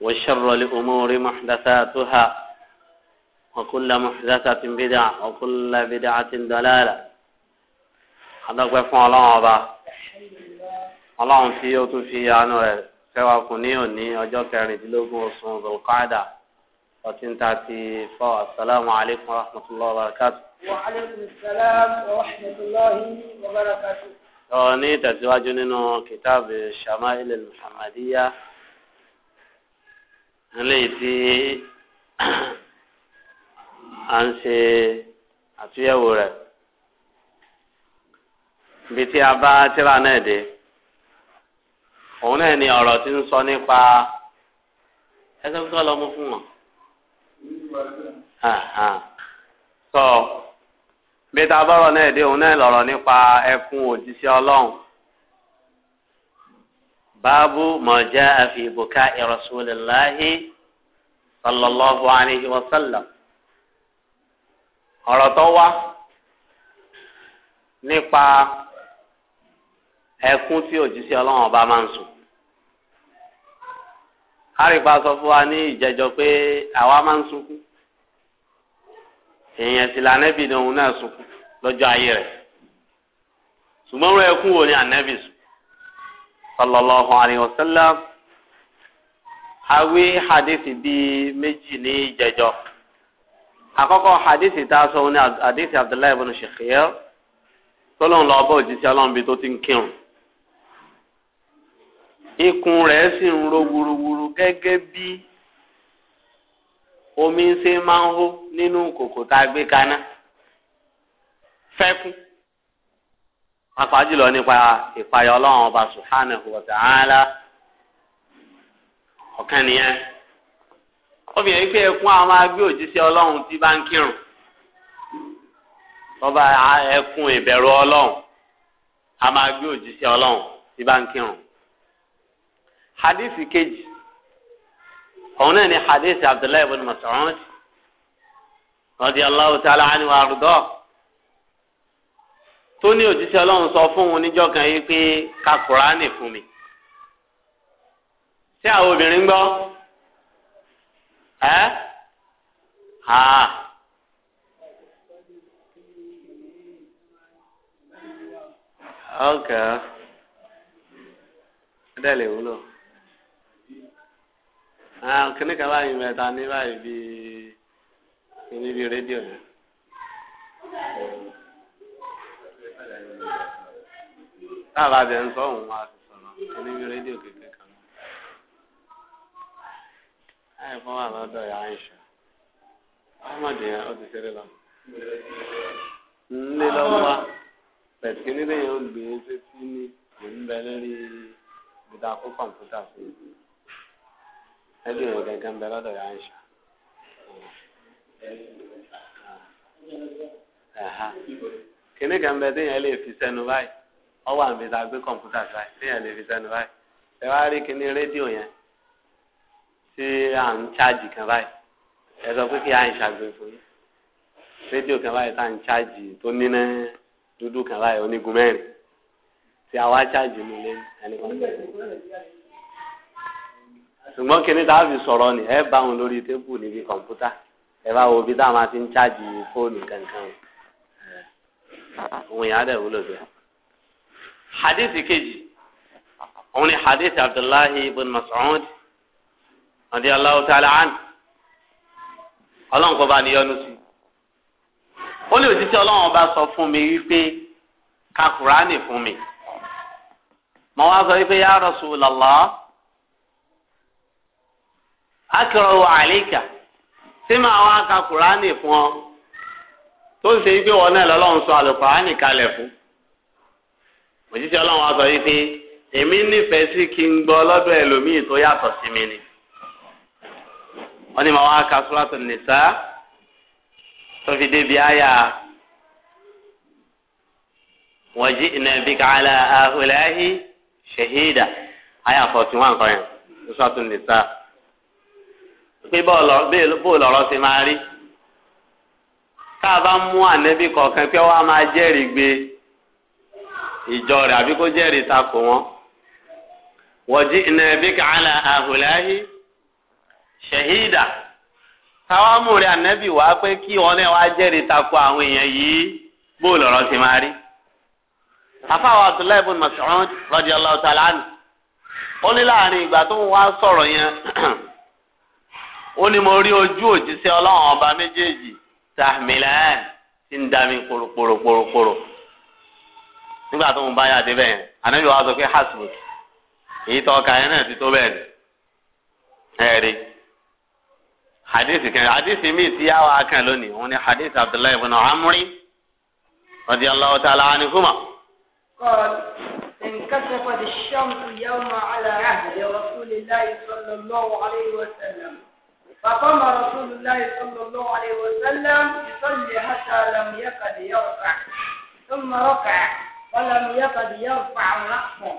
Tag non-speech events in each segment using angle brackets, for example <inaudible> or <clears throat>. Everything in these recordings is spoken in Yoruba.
وشر الأمور محدثاتها وكل محدثة بدعة وكل بدعة دلالة هذا فون الله أبا الله في يوتو في عنوة سوا كوني وني أجو كان دلوغو سون ذو القعدة وتنتاتي فو السلام عليكم ورحمة الله وبركاته وعليكم السلام ورحمة الله وبركاته. أني تزواج نينو كتاب الشمائل المحمدية eléyìí tí a <clears throat> ń ṣe àtúnyẹ̀wò rẹ̀ ibi tí a bá tíra náà dé òun náà ni ọ̀rọ̀ tí ń sọ nípa ẹsẹ̀ tó lọ mú fún wọn. sọ bí ta bọ́rọ̀ náà dé òun náà lọ̀rọ̀ nípa ẹkún òjíṣẹ́ ọlọ́run báàbù mọ̀já àfi ìbùkà ìrọ̀sùlélàhí sallallahu alayhi wa sallam ọ̀rọ̀ tó wá nípa ẹkún tí òjíṣẹ́ ọlọ́run ọba máa ń sùn àríkpá sọ fún wa ní ìjẹjọ pé àwa máa ń sunkún èèyàn sì lànàbì ní òun náà sunkún lọ́jọ́ ayé rẹ̀ ṣùgbọ́n ẹkún wo ni ànàbì sùn sallallahu alayhi wa sallam awé hadithi bíi meji ni ìjẹjọ àkọ́kọ́ hadithi tá a sọ ní hadithi abdullahi ibn shikhir tọ́lọ́n lọ bá òjíṣẹ́ ọlọ́run bíi tó ti ń kírun ikùn rẹ̀ sì ń ro wuruwuru gẹ́gẹ́ bí omi ṣe máa ń hó nínú kòkò tá a gbé kaná fẹ́kún pàápàá jùlọ nípa ìpayọ̀ ọlọ́run ọba subhanahu wa ta'ala. ọ̀kan nìyẹn obìnrin pé ẹkún àwọn agbé òjíṣẹ́ ọlọ́run ti bá ń kírun ọba ẹkún ìbẹ̀rù ọlọ́run a máa gbé òjíṣẹ́ ọlọ́run ti bá ń hadith kejì òun náà ni hadith abdullahi ibn Mas'ud radiyallahu ta'ala anhu wa tó ní òjíṣẹ́ ọlọ́run sọ fún níjọ́ kan yìí pé fún mi. tí àwọn obìnrin gbọ́ ẹ́ ha. ọkà ẹdẹ lè wúlò kíní kan báyìí mẹ́ta ní báyìí bíi kíní bíi rédíò yẹn. táàbà jẹ ń sọ òun wá sọ̀rọ̀ kíní rédíò kékeré. ẹ̀ fún wa lọ́dọ̀ ya àìsàn ahmed yẹn ó ti ṣeré lọ. ńlẹ́ lọ́wọ́ wa pẹ̀sìkì nílé yẹn ó gbé e sétí ní mò ń bẹ lórí ìdá fún kọ̀ǹpútà sí i. ẹbí yẹn gẹ́gẹ́ ń bẹ lọ́dọ̀ ya àìsàn. kìnìún kan bẹ téèyàn lè fi sẹ́nu báyìí ọwọ́ àmì ìta gbé kọ̀ǹpútà sí téèyàn lè fi sẹ́nu báyìí ẹ wá rí kìnìún rédíò yẹn tí à ń ṣáàjì kan báyìí ẹ sọ pé kí à ń ṣàgbé fún yín rédíò kan báyìí tá à ń ṣáàjì tó níná dúdú kan báyìí onígun mẹ́rin tí àwa ṣáàjì mi lé ẹni kan ṣùgbọ́n kí ni tá fi sọ̀rọ̀ ni ẹ bá wọn lórí tébù níbi kọ̀ǹpútà ẹ bá wo bí tá a máa ti ń ṣáàjì fóònù kankan òun yàrá dẹ̀ wúlò bẹ́ẹ̀. hadith kejì òun ni hadith abdullahi ibn mas'ud àti aláwọ tá a lè hàn ọlọ́run kò bá níyọnu sí i ó lè òtítí ọlọ́run ọba sọ fún mi wípé ka kùránì fún mi mọ wá sọ wípé ya Rasulullah akọrọ àlíkà tí màá wá ka kùránì fún ọ tó ṣe wípé wọn náà lọ́lọ́run sọ àlùkùránì kalẹ̀ fún òtítí ọlọ́run wá sọ wípé èmi nífẹ̀ẹ́ sí kí n gbọ́ lọ́dọ̀ ẹlòmíì tó yàtọ̀ sí mi ni wọ́n ní màá wá ka sùràtù nìsá tó fi débi àyà wa ji'na bika ala ha'ula'i shahida àyà fọ̀tún wà nǹkan yẹn sùràtù nìsá pé bóòlù ọ̀rọ̀ ṣe máa rí tá a bá mú ànẹ́bí kọ̀ọ̀kan pé wọ́n á máa jẹ́rìí gbé ìjọ rẹ̀ àbí kó jẹ́rìí takò wọn wa ji'na bika ala ha'ula'i. Shehida! táwọn amúre ànábì wá pé kí wọn náà wá jẹ́rìí tako àwọn èèyàn yìí bó lọ́rọ̀ ti máa rí. àfáwọn Abdullahi ibn Mas'ud radiyallahu ta'ala anhu ó ní láàrin ìgbà tó ń wá sọ̀rọ̀ yẹn ó ní mo rí ojú òjíṣẹ́ ọlọ́run ọba méjèèjì ti ń dami kòròkòròkòrò nígbà tó ń bá yà débẹ̀ yẹn wá sọ pé hasbuk èyí tó ọkà حديث kan حديث mi ti yàwó لوني، lónìí wọn عبد الله بن ibn amri radiyallahu ta'ala anihuma. قال انكسفت الشمس يوم على عهد رسول الله صلى الله عليه وسلم فقام رسول الله صلى الله عليه وسلم يصلي حتى لم يكد يرفع، ثم ركع ولم يكد يرفع رأسه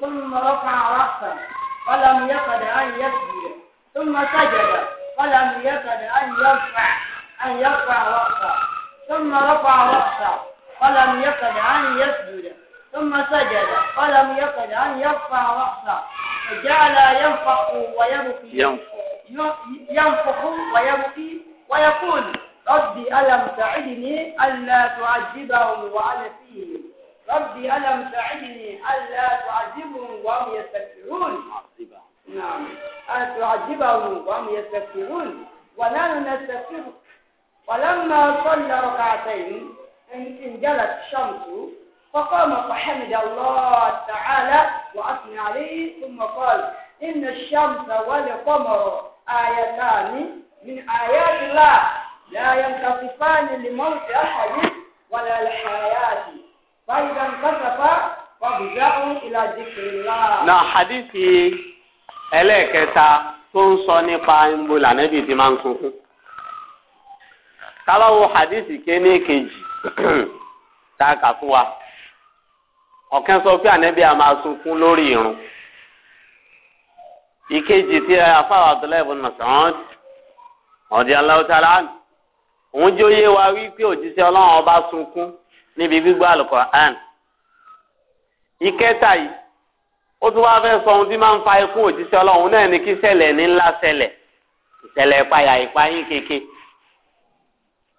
ثم رفع رأسه ولم يكد أن يسجد ثم سجد فلم يكد أن يرفع أن يرفع رأسه ثم رفع رأسه فلم يكد أن يسجد ثم سجد فلم يكد أن يرفع رأسه فجعل ينفخ ويبكي ينفخ ينفخ ويبكي ويقول ربي ألم تعدني ألا تعذبهم وأنا فيهم ربي ألم تعدني ألا تعذبهم وهم يستكبرون نعم أن تعجبهم وهم يستكبرون ونحن نستكبر ولما صلى ركعتين انجلت الشمس فقام فحمد الله تعالى وأثنى عليه ثم قال إن الشمس والقمر آيتان من آيات الله لا ينتصفان لموت أحد ولا الحياة فإذا انكسف فابدأوا إلى ذكر الله. نعم حديثي ẹlẹ́ẹ̀kẹta tó ń sọ nípa ìbò lànàbì tí máa ń sunkún. kábàáwo hadith kéne kejì <clears throat> tá a kà fún wa ọ̀kan sọ pé a máa sunkún lórí irun ìkejì tí afáwà abdullahi ibn Mas'ud ọ̀dí aláwọ̀tálá òun jó yé wa wípé òjíṣẹ́ ọlọ́run ọba sunkún níbi gbígbọ́ àlùkò àn ìkẹta yìí. ó tún wáá fẹ́ sọ ohun tí máa ń fa ikú òjíṣẹ́ ọlọ́run náà ni kí ṣẹlẹ̀ ní ńlá ṣẹlẹ̀ ìṣẹ̀lẹ̀ ìpayà ìpayín keke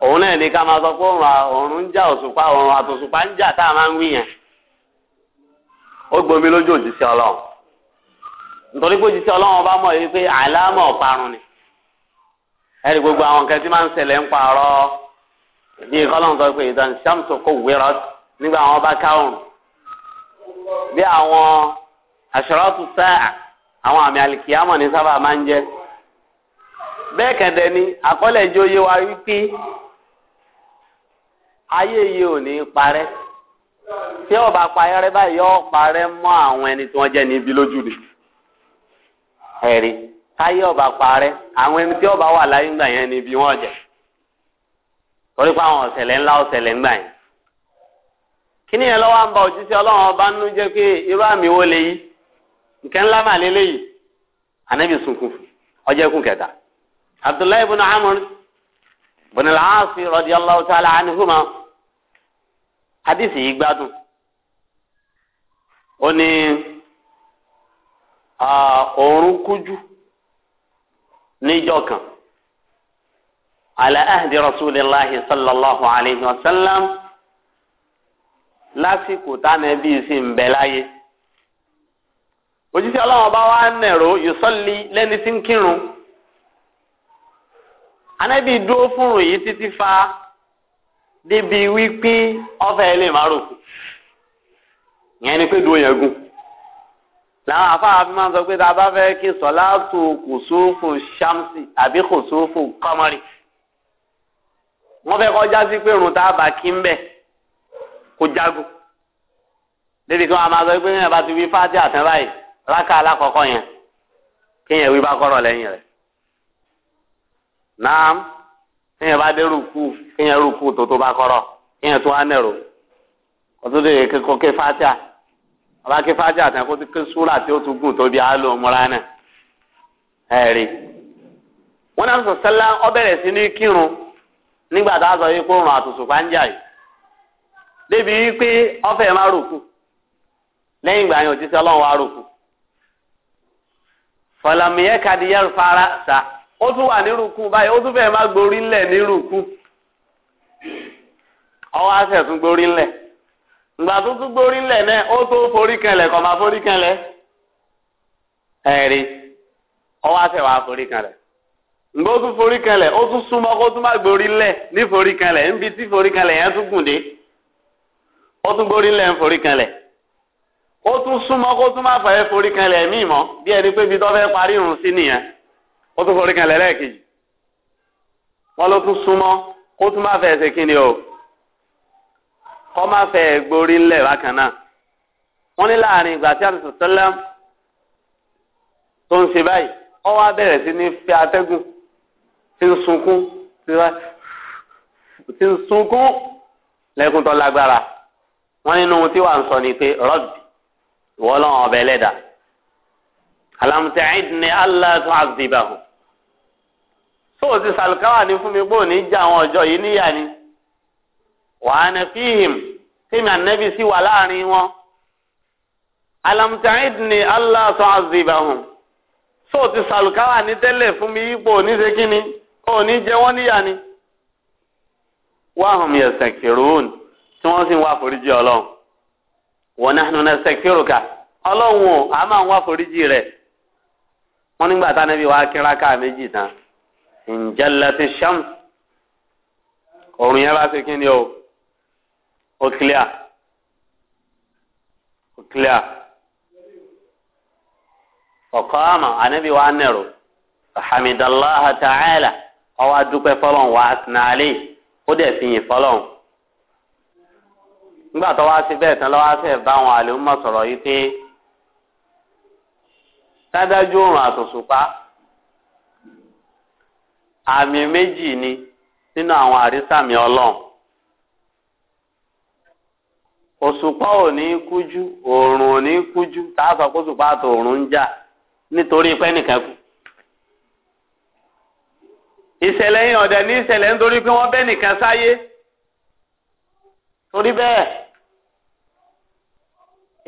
òun náà ni ká máa sọ pé òun ń jà òṣùpá òun àtòṣùpá ń jà tá a máa ń wí yẹn ó gbomi lójú òjíṣẹ́ ọlọ́run nítorí pé òjíṣẹ́ ọlọ́run bá mọ̀ yìí pé àlámọ̀ ọ̀parun ni ẹ̀rí gbogbo àwọn nǹkan tí máa ń ṣẹlẹ̀ ń parọ́ bí kọ́lọ́n àṣàràtù sáà àwọn àmì àlìkìyàmọ̀ ní sábà máa ń jẹ́ bẹ́ẹ̀ kẹ̀dẹ̀ ni àkọlẹ̀ ìjọ yé wa wípé ayé yìí ò ní parẹ́ tí ọba parẹ́ báyìí yọ parẹ́ mọ́ àwọn ẹni tí wọ́n jẹ́ níbi lójú rẹ̀ ẹ̀rí táyé ọba parẹ́ àwọn ẹni tí ọba wà láyé ńgbà yẹn níbi wọ́n jẹ́ torí pé àwọn ọ̀sẹ̀lẹ̀ ńlá ọ̀sẹ̀lẹ̀ ńgbà yẹn kí ni ẹ lọ́wọ́ ń ba òjíṣẹ́ ọlọ́run ọba nínú jẹ́ pé irú àmì wo lè yìí. nkẹ́ ńlá mà lélẹ́yìí anabi sunkún fún ọjọ́ ikú kẹta abdullahi ibn amr ibn al-aas radiyallahu ta'ala anihuma hadisi yìí gbádùn ó ní ọ̀run kújú níjọ́ kan ala ahdi rasulillahi sallallahu alayhi wa sallam lásìkò tánà bíi sì ń òjíṣẹ́ ọlọ́run bá wá nẹ̀rọ yòsọ́lì lẹ́ni tí ń kírun anábì dúró fúnrun yìí títí fa débi wípé ọfẹ́ ilé márùkù yẹn ni pé dúró yẹn gùn làwọn afáà fi máa ń sọ pé tá a bá fẹ́ kí sọ̀láàtù kùsùfù ṣámsì àbí kùsùfù kọ́mọ́rì wọ́n fẹ́ kọjá sí pé irun tá a bá kí ń bẹ̀ kó jágùn débi kí wọ́n máa sọ pé ní ẹ̀ bá ti wí fáti àtẹ́ báyìí. laka alákọ̀ọ́kọ́ yẹn kéèyàn wí bá kọ́rọ̀ lẹ́yìn rẹ̀ náà kéèyàn bá dé ruku kéèyàn rúkú tó bá kọ́rọ̀ kéèyàn tó wá nẹ̀rọ kótó lè kéko ké ké ké súrà tí ó tún gùn àlò wọn náà sọ sí ní kírun nígbà tá a sọ yìí kó yìí débi wípé ọfẹ máa ìgbà yẹn fọlámìyẹ kàdíyà fara sa ó tún wà nírùkú báyìí ó tún fẹ́ẹ́ má gborí nírùkú àṣẹ tún gborí ńlẹ̀ ìgbà tó tún gborí ńlẹ̀ náà ó tó forí kanlẹ̀ kò má forí kanlẹ̀ ẹ̀rí ọwọ́ àṣẹ wàá forí ó tún forí ó tún kó tún má gborí ní forí ó tún súnmọ́ kó tún má fẹ́ forí kanlẹ̀ míì mọ́ bí ẹni pé ibi tó fẹ́ parí irun sí nìyẹn ó tún forí kanlẹ̀ lẹ́ẹ̀kejì wọ́n ló tún súnmọ́ kó tún má fẹ́ ṣe kíni o kọ́ má fẹ́ gborí ńlẹ̀ bákan náà wọ́n ní láàrin ìgbà tí àtúntò tẹ́lẹ̀ tó ń ṣe báyìí ó wá bẹ̀rẹ̀ sí ní fẹ́ atẹ́gùn tí ń sunkún tí ń sunkún lẹ́kùn tó lágbára wọ́n nínú tí wàá ń sọ ni pé rọ́ọ̀bì ìwọ lọ́wọ́ ọbẹ̀ lẹ́dà alamtẹ̀ẹ́d ni allah tún àzìbàhù so ti sàlùkáwà ní fún mi pé òní jẹ àwọn ọjọ́ yìí níyà ni wàá ní fíhìm tèmi ànẹ́bí sí wà láàrin wọn alamtẹ̀ẹ́d ni allah tún àzìbàhù so ti sàlùkáwà ní tẹ́lẹ̀ fún mi ipò oníṣe kíni òní jẹ wọ́n níyà ni wàhùn yẹsẹ̀ kìrún tí wọ́n sì ń wá foríjì ọlọ́run. wọn náà nù náà sẹkírùkà ọlọ́run a máa ń wá foríjì rẹ̀ wọn nígbà tá níbi wàá kíra káà méjì tán ǹjẹ́lẹ̀ ti ṣẹ́m òrùn yẹn bá ṣe kí ni o ó clear ó clear ọ̀kọ́ àmà ànábì wàá nẹ̀rọ hamidallaha ta'ala ọwọ́ adúpẹ́ fọlọ́n wàá sinalé fi nígbà tó wá sí bẹ́ẹ̀ tán lọ́wọ́ sẹ̀ bá àwọn àlùmọ̀ sọ̀rọ̀ yìí pé dájú òrùn àtòṣùpá àmì méjì ni nínú àwọn àrísàmì ọlọ́run òṣùpá ò ní kújú òòrùn ò ní kújú tá a sọ pé òṣùpá àti òòrùn ń jà nítorí pé nìkan kú ìṣẹ̀lẹ̀ yìí ọ̀dẹ̀ ní ìṣẹ̀lẹ̀ nítorí pé wọ́n bẹ́ nìkan sáyé. torí bẹ́ẹ̀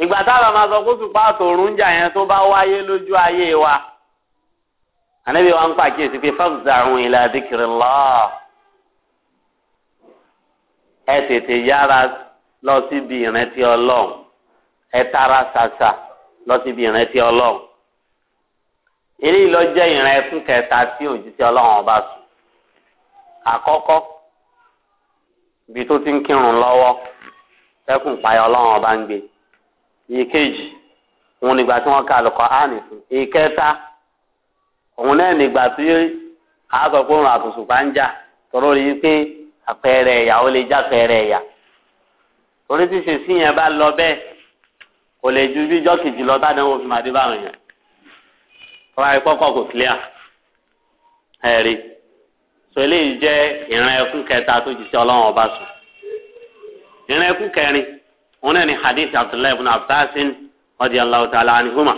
ìgbà táwọn máa sọ kó sùpá àtòrún jà yẹn tó bá wáyé lójú ayé wa ànábì wa ń pàkíyèsí pé fafza'u ila dhikrillah ẹ tètè yára lọ síbi ìrántí ọlọ́run ẹ tara ṣàṣà lọ síbi ìrántí ọlọ́run eléyìí lọ jẹ́ ìrìn ẹkún kẹta tí òjíṣẹ́ ọlọ́run ọba sùn àkọ́kọ́. ibi tó ti ń kírun lọ́wọ́ sẹ́kùn payọ́ ọlọ́run ọba ń gbé ìkejì òun nígbà tí wọ́n ka àlùkò áàní fún ìkẹta òun náà nígbà tí àásọ pé òun àtùsùpá ń jà tọ́lọ́ rí i pé àpẹẹrẹ ẹ̀yà ó lè jápẹẹrẹ ẹ̀yà torí tí ṣèṣì yẹn bá lọ bẹ́ẹ̀ kò lè ju bíjọ́ kejì lọ bá dánwò fún adébáwọn yẹn tọ́lá rí kò clear ẹ̀rí sọ eléyìí jẹ́ ìran ẹkún kẹta tó jù sí ọlọ́run ọba sùn ìran ẹkún kẹrin òun náà ni hadith abdullahi ibn abbas radiyallahu ta'ala anhuma.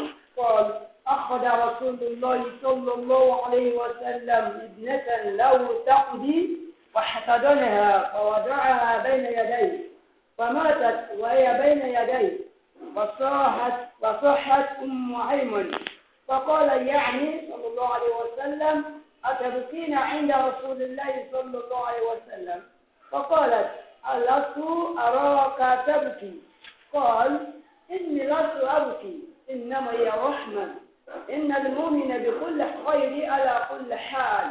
أخذ رسول الله صلى الله عليه وسلم ابنة له تقدي وحسدنها ووضعها بين يديه فماتت وهي بين يديه وصاحت وصحت أم أيمن فقال يعني صلى الله عليه وسلم أتبكين عند رسول الله صلى الله عليه وسلم فقالت ألست أراك تبكي قال إني لست أبكي إنما هي رحمة إن المؤمن بكل خير على كل حال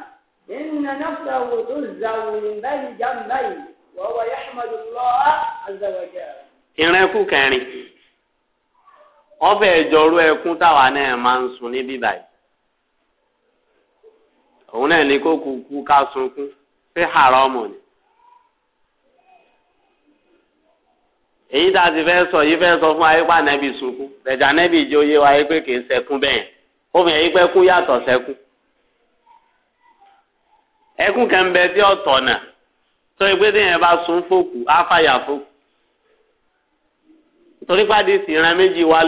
إن نفسه تلزم من بين جنبيه وهو يحمد الله عز وجل ìrìn ẹkún kẹrin ọbẹ̀ ìjọrú ẹkún táwa náà máa ń sun níbí báyìí òun náà ní kó kú ká sunkún ṣé haramu ni. èyí tá a ti fẹ́ sọ yìí fẹ́ sọ fún ayé pa nẹ́bí sunkún lẹ́jà nẹ́bí ìjọ yé wa pé kì í sẹ́kún bẹ́ẹ̀ ó fi hàn pé yàtọ̀ sẹ́kún. ẹkún kan bẹ tí tó tí yẹn bá sun fòkù á fàyà fòkù. torí pàdé méjì wá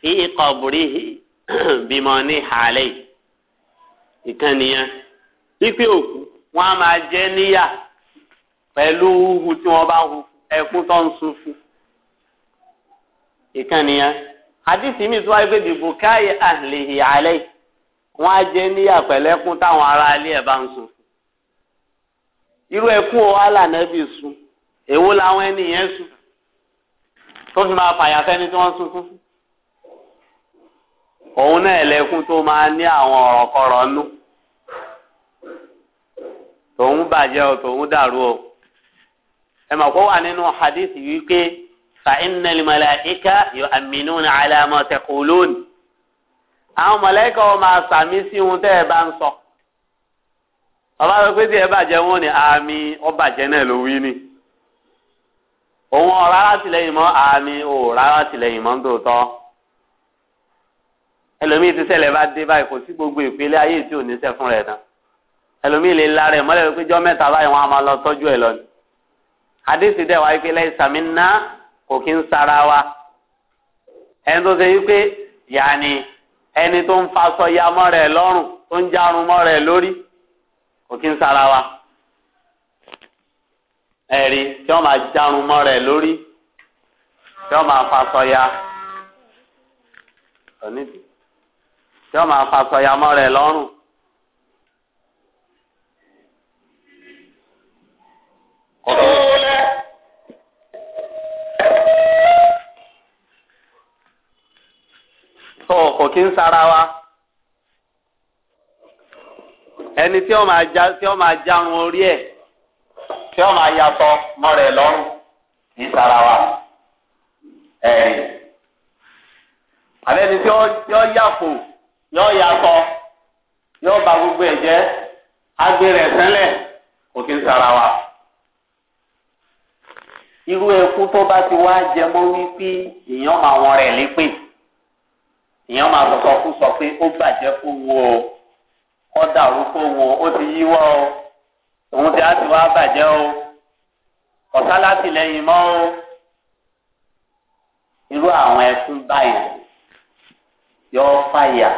fi kọ̀bùrìhì bímọ ní hàlẹ́ ìkan nìyẹn pípé òkú wọn a máa jẹ níyà pẹ̀lú huhu tí wọ́n bá hu ẹkún tó ń sun fún ìkan nìyẹn àdìsí mi tó wáyé pé dìbò káyé àlèyé àlẹ́ wọn á jẹ níyà pẹ̀lú ẹkún táwọn ará ilé ẹ̀ bá ń sun fún irú ẹkún o alànàbì sun èwo làwọn ẹni yẹn tó fi máa fàyà sẹ́ni tí wọ́n sun fún fún. òun náà lẹkún tó máa ní àwọn ọ̀rọ̀ kọ̀rọ̀ nú tòun bàjẹ́ o tòun dàrú o ẹ mọ̀ kó wà nínú hadithi wípé fàínà màláìka yóò àmínú ní alámọ̀tẹ́kù lónìí àwọn màláìka wọn máa sàmí sí ohun tẹ́ ẹ bá ń sọ ọba pé tí ẹ bàjẹ́ wọn ni àmì ọbàjẹ́ náà ló wí ni òun mọ́ àmì ẹlòmíì ti ṣẹlẹ̀ bá dé báyìí kò sí gbogbo ìpele ayé tí ò ní ṣe fún rẹ̀ náà ẹlòmíì lè la rẹ̀ mọ́lẹ̀ pé jọ́ mẹ́ta báyìí wọ́n á máa lọ tọ́jú ẹ̀ lọ ni àdéhùn dẹ̀ wáyé pé lẹ́yìn sàmì ná kò kí ń sara wa ẹni tó ṣe wípé yàní ẹni tó ń faṣọ ya mọ́ rẹ̀ tó ń jarun mọ́ lórí kò kí ń sara wa ẹ̀rí tí wọ́n máa jarun mọ́ lórí tí wọ́n máa faṣọ ya. Onídìí. tí wọ́n máa fa sọyàmọ́ rẹ̀ lọ́rùn. tó kí ń sara wa ẹni tí wọ́n máa já tí máa orí ẹ̀ tí wọ́n máa yàtọ̀ mọ́ rẹ̀ lọ́rùn sara wa ẹ̀rìn àbẹ́ni tí wọ́n yàpò. yọ yàtọ̀ yọ ba gbogbo ẹ̀ jẹ́ agbèrè sẹ́lẹ̀ kò kí ń sara wa. irú ẹkú tó bá ti wá jẹ mọ́ wípé èèyàn máa wọn rẹ̀ lépè èèyàn máa sọ̀sọ̀ kú sọ pé ó bàjẹ́ fún wo ó dàrú fún wo ó ti yíwọ́ o òun ti á ti wá bàjẹ́ o ọ̀sá látìlẹ́yìn mọ́ o irú àwọn ẹkún báyìí yọ fàyà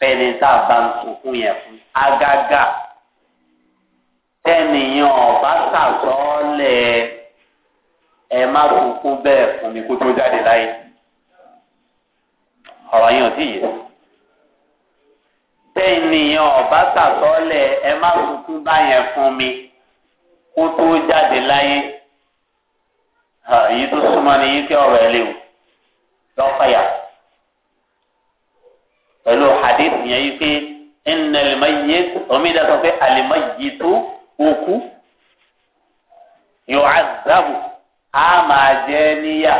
fẹ́ni tá a bá ń sunkún yẹn fún agága tẹ́nìyàn ọ̀bá sàtọ́ọ́lẹ̀ ẹ má sunkún bẹ́ẹ̀ fún mi kó tó jáde láyé ọ̀rọ̀ yẹn ò tí yé tẹ́nìyàn ọ̀bá sàtọ́ọ́lẹ̀ ẹ má sunkún báyẹn fún mi kó tó jáde láyé èyí tó súnmọ́ ni yín kí ọ̀rọ̀ ẹ léwu lọ́fẹ̀yà pẹ̀lú hadith yẹn yìí pé ẹnna lèmọye omi dà sọ pé àlèmọye tó òkú yóò azabu a máa jẹ níyà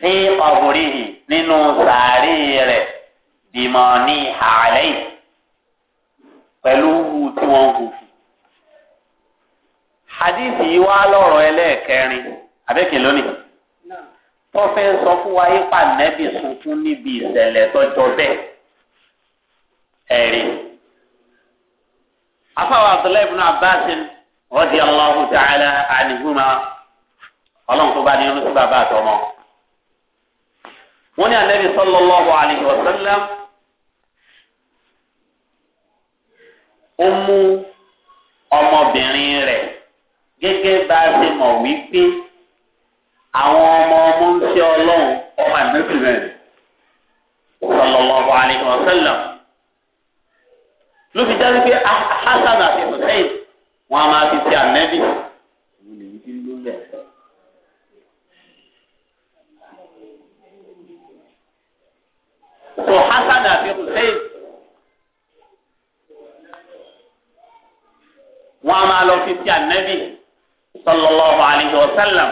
sí ọ̀bùrìhì nínú sàárì rẹ̀ bímọ ní àlẹ́ yìí pẹ̀lú wù tí wọ́n kù hadith yìí wá lọ́rọ̀ ẹlẹ́ẹ̀kẹrin abẹ́kẹ̀ lónìí wọ́n fẹ́ sọ fún wa yípa nẹ́bì sunkún níbi ìṣẹ̀lẹ̀ tọ́jọ́ bẹ́ẹ̀ ẹ̀rí. afáwọn abdullahi ibn abbas radiyallahu ta'ala anhuma ọlọ́run tó bá ní irun sí bàbá àtọmọ. wọ́n ní anẹ́bì sallallahu alayhi wa ó mú ọmọbìnrin rẹ̀ gẹ́gẹ́ bá a ṣe mọ̀ wípé àwọn ọmọ ọmọ ń ṣe ọlọ́run ọmọ ìmẹ́sìn rẹ̀ sallallahu alaihi wasallam ló fi jáde pé Hasan àti Hussein wọn a máa fi ṣe ànẹ́bì so Hasan àti Hussein wọn a máa lọ fi ṣe ànẹ́bì sallallahu alaihi wasallam.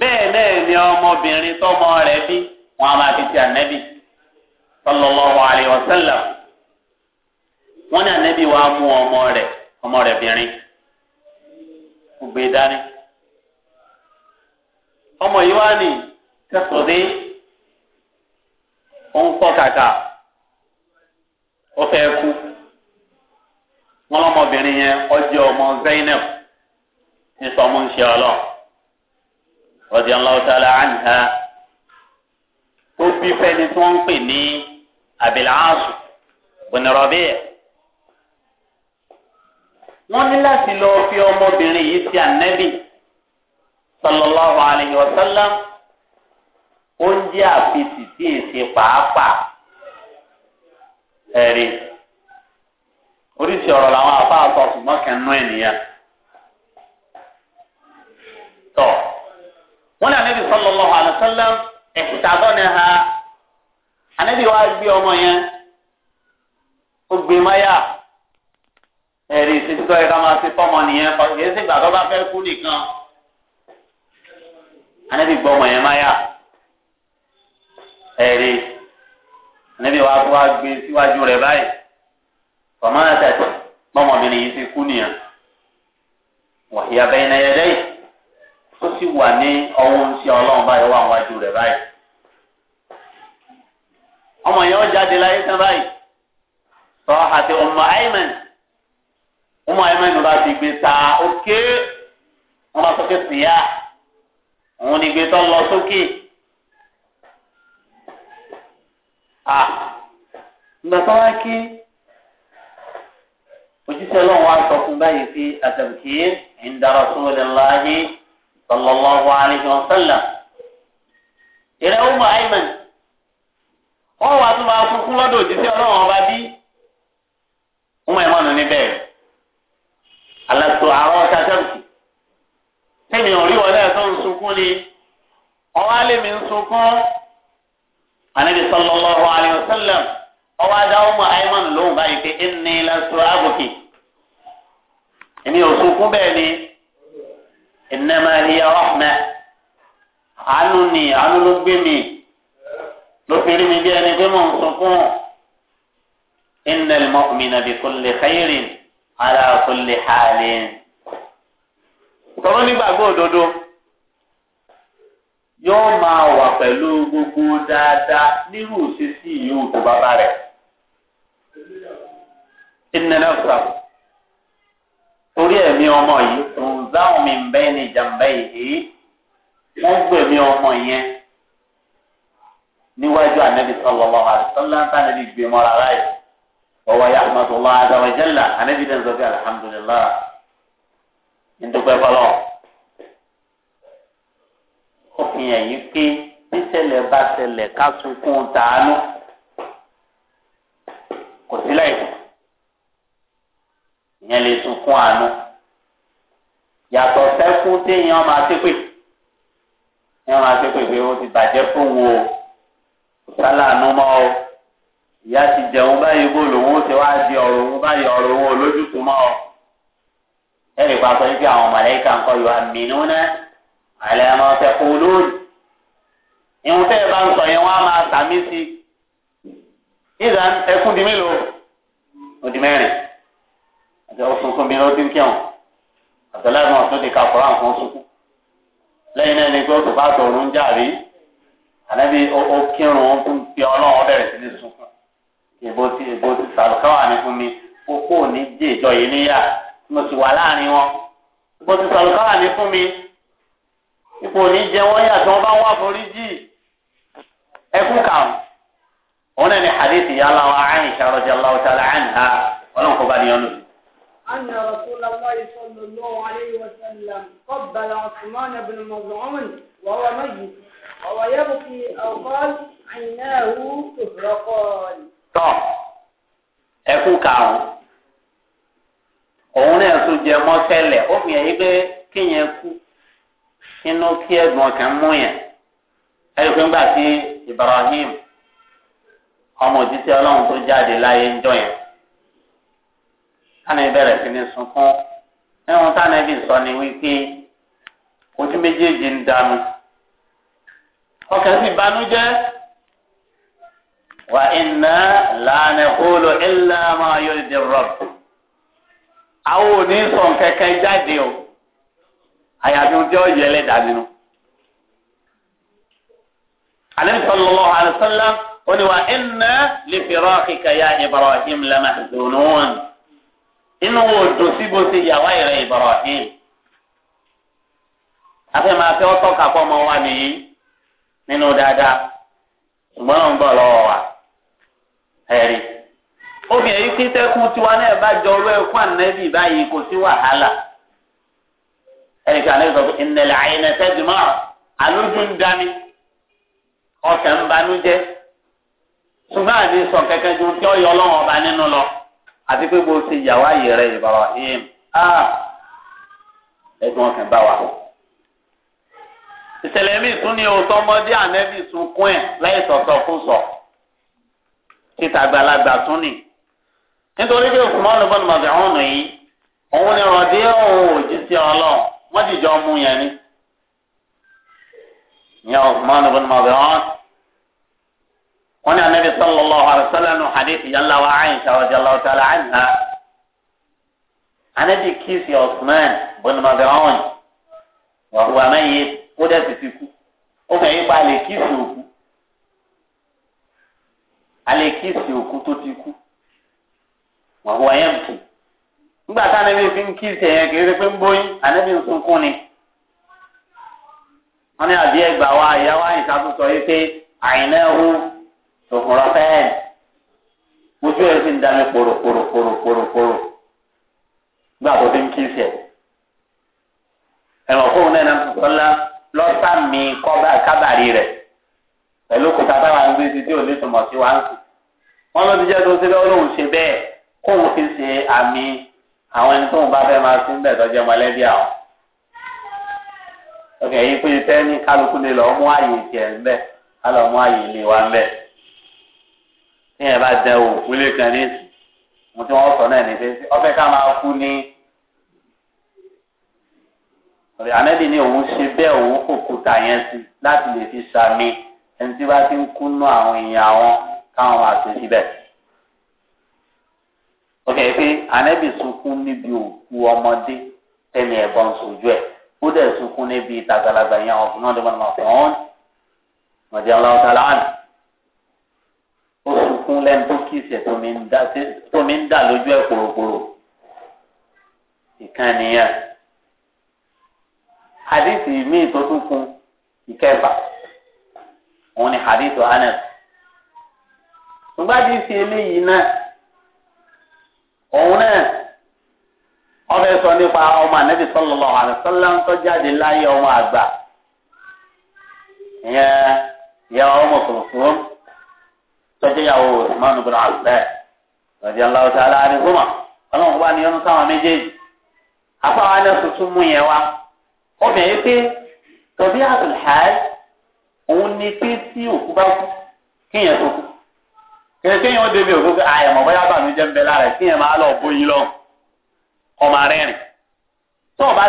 bẹ́ẹ̀ náà ni ọmọbìnrin tọmọ rẹ bí wọn a máa fi ti ànẹ́bí sallallahu alaihi wọn ni ànẹ́bí wa mú ọmọ rẹ ọmọ bìnrin gbé dání ọmọ yìí wá ní kẹsàn-án dé ó ń kọ́ kàkà ó fẹ́ kú wọn lọmọbìnrin yẹn ọjọ́ ọmọ Zainab radiyallahu ta'ala anha ó bí fẹ́ni tí wọ́n ń pè ní abilaasu bunrabi' wọ́n ní láti lọ fi ọmọbìnrin yìí sí ànábì sallallahu alayhi wa sallam ó ń jẹ́ àfitì tí èsì pàápàá ẹ̀rí oríṣi ọ̀rọ̀ làwọn afáàfọ̀ ṣùgbọ́n kẹ́nu ẹ̀ nìyà wọn lànà bí sallallahu alaihi wasallam ẹ̀kúta bọ́nà ha ànábì wa gbé ọmọ yẹn ó gbé máyà ẹ̀rí ìsìtítọ́ ẹ̀ka máa ti fọ́mọ nìyẹn kìí sì gbàgbọ́ bá fẹ́ kú nìkan ànábì gbọ́ ọmọ yẹn máyà ẹ̀rí ànábì wa wá gbé síwájú rẹ̀ báyìí fọmọ náà tẹ̀sí mọ́mọ́ mi nìyí ti kú nìyẹn wàhíyà bẹ́ẹ̀ náà yẹ dẹ́yìí ó sì wà ní ọwọ́ ń ṣe ọlọ́run báyìí wà wájú rẹ̀ báyìí. ọmọ yẹn ó jáde láyé tán báyìí sọ àti ọmọ ayman ọmọ ayman bá ti gbé ta òkè wọn bá sọ pé tìyà òun ni gbé tán lọ sókè. ìgbà wá kí òjíṣẹ́ ọlọ́run wá sọ fún báyìí pé àtàkì ń dára sóòlì sallallahu alayhi wa sallam ìrẹ́ ọmọ ayman wọ́n wá tó máa kúkú lọ́dọ̀ òjíṣẹ́ ọlọ́run ọba bí ọmọ ẹ̀mọ́ nù níbẹ̀ alàtò àwọn sàtẹ́ǹtì tẹ̀mí orí wọlé ẹ̀tọ́ ń sunkún ni ọwọ́ alẹ́ mi ń sunkún anabi sallallahu alayhi wa sallam ọwọ́ adá ọmọ ayman lóhùn báyìí pé ẹni lásán àbùkì ẹni ò sunkún bẹ́ẹ̀ ni innama hiya rahma àánú ni àánú ló gbé mi ló fi rí mi bí ẹni pé mò ń sunkún innal mu'mina bi kulli khairin ala kulli halin. tọ́lú nígbàgbọ́ òdodo yóò máa wà pẹ̀lú gbogbo dáadáa nírú òṣèṣì yòówù tó bá bá rẹ̀. ìnana sàkó torí ẹ̀mí ọmọ yìí ǹzáwọn mi ń bẹ́ ní jàǹbá yìí wọ́n gbẹ̀mí ọmọ yẹn níwájú anabi sallallahu alaihi wasallam anabi gbé mọ́ra láyé wọ́wọ́ yá ahmadullah adawajalla anabi dẹ̀ ń sọ pé alhamdulillah ndúpẹ́ fọlọ́ ó fi hàn yín pé bísẹ̀lẹ̀ bá ṣẹlẹ̀ ká sunkún tàánú kò sí láyé ìyẹn lè sunkún àánú yàtọ̀ sẹ́kún téèyàn máa ṣépè téèyàn máa ṣépè pé ó ti bàjẹ́ fún wo kò sálàánú mọ́ o ìyá ti jẹun báyìí bó lòun ó ti wá di ọ̀rọ̀ òun báyìí ọ̀rọ̀ òun olójútùú mọ́ o ẹ̀rì pa sọ wípé àwọn mọ̀lẹ́kà ń kọ́ yọ àmínú náà àlẹ́ ọmọ ọ̀sẹ̀kù lónìí ìhun tẹ́ bá ń sọ yẹn wọ́n á máa sàmí sí ìdá ẹkún di mélòó àti ọ̀sùnkún bí ló ti ń kẹ́wọ̀n àtẹlẹ́ náà tó di ka kọ́ra nǹkan sunkún lẹ́yìn náà ni pé ó tó bá tọ̀run jàre ànábi ó kírun ó tún fi ọlọ́run bẹ̀rẹ̀ sí ní sunkún ìbò ti ìbò ti sàlùkáwà ní fún mi ó kò ní jẹ́ ìjọ yìí níyà mo sì wà láàrin wọn ìbò ti sàlùkáwà ní fún mi ipò ní jẹ wọ́n yà tí wọ́n bá wà forí jì ẹkú kàn òun náà ni hadith yàrá wa Aisha radiyallahu ta'ala anha ọlọ́run kò bá ní أن رسول الله صلى الله عليه وسلم قبل عثمان بن مظعون وهو ميت وهو يبكي أو قال عيناه تفرقان. طب ẹkú karùn òun náà tún jẹ mọ́tẹ́lẹ̀ ó fi hàn yí pé kéèyàn kú inú kí ẹ̀gbọ́n kan mú yẹn ẹ̀rù pé ńgbà tí Ibrahim ọmọ òjíṣẹ́ Ọlọ́run tó jáde láyé ń jọ yẹn tánàbí bẹ̀rẹ̀ sí ní sunkún ẹ̀wọ̀n tánàbí sọ ni wípé ojú méjèèjì ń dànù ọkàn sì banújẹ́ wà iná làánà kúlò ilà máa yọ ìdí rọ̀bù àwọn ò ní sọ kẹ̀kẹ́ jáde o àyàfi ojú ọ̀yẹ́ ẹlẹ́dàá nínú. Ànábì sallallahu alaihi wasallam ó ní wà iná lè fi rọ́ọ̀kì kẹyà Ibrahim lẹ́mà dùnúwọ̀n. inú wo dùn sí bó ṣe yàwá ìrẹ̀ Ibrahim afẹ́ máa fẹ́ ọmọ wa nìyí nínú dáadáa ṣùgbọ́n náà ń bọ̀ lọ́wọ́ wa ẹ̀rí obìnrin yìí kí tiwa náà bá jọ ọlọ́ ẹ̀kú ànẹ́bì báyìí kò sí wàhálà ẹ̀rí kan náà sọ pé ìnẹ̀lẹ̀ àyẹ̀nẹ̀ sẹ́dùn àlójú ń dání ọ̀sẹ̀ ń banújẹ́ ṣùgbọ́n àti pé bó ṣe yà wá yẹrẹ ìbára ẹ̀m á ah, ẹ̀gbọ́n ọ̀sẹ̀ bá wa. ìṣẹ̀lẹ̀ mi tún ní òótọ́ ọmọdé ànẹ́bì sunkún ẹ̀ láì sọ̀tọ̀ fún sọ títa gbalagbà tún nì. nítorí pé òkùnmọ́nù bọ́ọ̀nù mọ̀sẹ̀hún yìí òun ni rọ̀dí òun òjì sí ọlọ́run wọ́n dìjọ́ mú yẹn ni. ìyá òkùnmọ́nù bọ́ọ̀nù mọ̀sẹ̀hún wọ́n ní anabi sallallahu alayhi wa sallam hadith yàlla wa aisha radiyallahu ta'ala anha anabi kisi osman bu mazaun wa huwa mayyit ó dẹ̀ sì ti kú ó fẹ́ yípa ale kisi oku ale kisi oku ti wa huwa nígbà anabi fi ń kisi ẹ̀yẹ kiri pé ń bóyí anabi ni wọ́n ní wa ìyá wa aisha tó sọ yìí pé tòkùnrọ̀ fẹ́hẹ̀n ojú ẹ̀ sì ń dá mi kporo kporo kporo kporo kporo gbà tó fi ń kí sẹ̀ ẹ̀rọ fóun náà nàá tó ńlá lọ́sàmì kọ́bà kábàárì rẹ̀ pẹ̀lú kòtà táwa ń gbé sí tí ò ní sí wa ń sùn wọn ló ti jẹ́ tó ṣe bẹ́ẹ̀ olóhùn ṣe bẹ́ẹ̀ kóun fi ṣe àmì àwọn ẹni tóun bá fẹ́ máa sí ń bẹ̀ àwọn yìí tí yẹn bá dẹ òkú lè kàn ní ìsìn mo tí wọn sọ náà ní pé ọbẹ ká máa kú ní ọ̀rẹ́ anẹ́bí ni òun ṣe bẹ́ẹ̀ òun kòkúta yẹn sí láti lè fi sàmì ẹni tí bá ti ń kúnú àwọn èèyàn àwọn káwọn máa ṣe síbẹ̀. ok pé anẹ́bí sunkún níbi òkú ọmọdé tẹ́lẹ̀ ẹ̀bọn sojú ẹ̀ ó dẹ̀ sunkún níbi ìtàgbàlagbà yẹn ọ̀gbìn náà ló máa fẹ́ wọn. mọ̀jẹ̀ ọlọ́run tá a lọ́wọ́ sunkún lẹ́nu tó mi ìṣẹ̀ tómi ń dà lójú ẹ̀ kòròkòrò ìkan hadithi míì tó tún kún ìkẹfà òun ni hadithu Anas ṣùgbọ́n hadithi eléyìí náà òun náà ọbẹ̀ sọ nípa ọmọ anabi jáde láyé ọmọ àgbà ìyẹn ìyẹn ọmọ kòròkòrò. tọ́júyàwó Usman ibn Affan rọ̀dí aláwọ̀ tí aláàrí húmọ̀ ọlọ́run wà ní ọdún sáwọn méjèèjì afáwọn alẹ́ tuntun mú yẹn wá obìnrin pé tọ́bí àtúnṣáì òun ni pé tí òkú bá kú kéèyàn tó kú kéèyàn débi òkú pé bóyá bàmí ń bẹ lára kéèyàn máa lọ lọ ọmọ tó o bá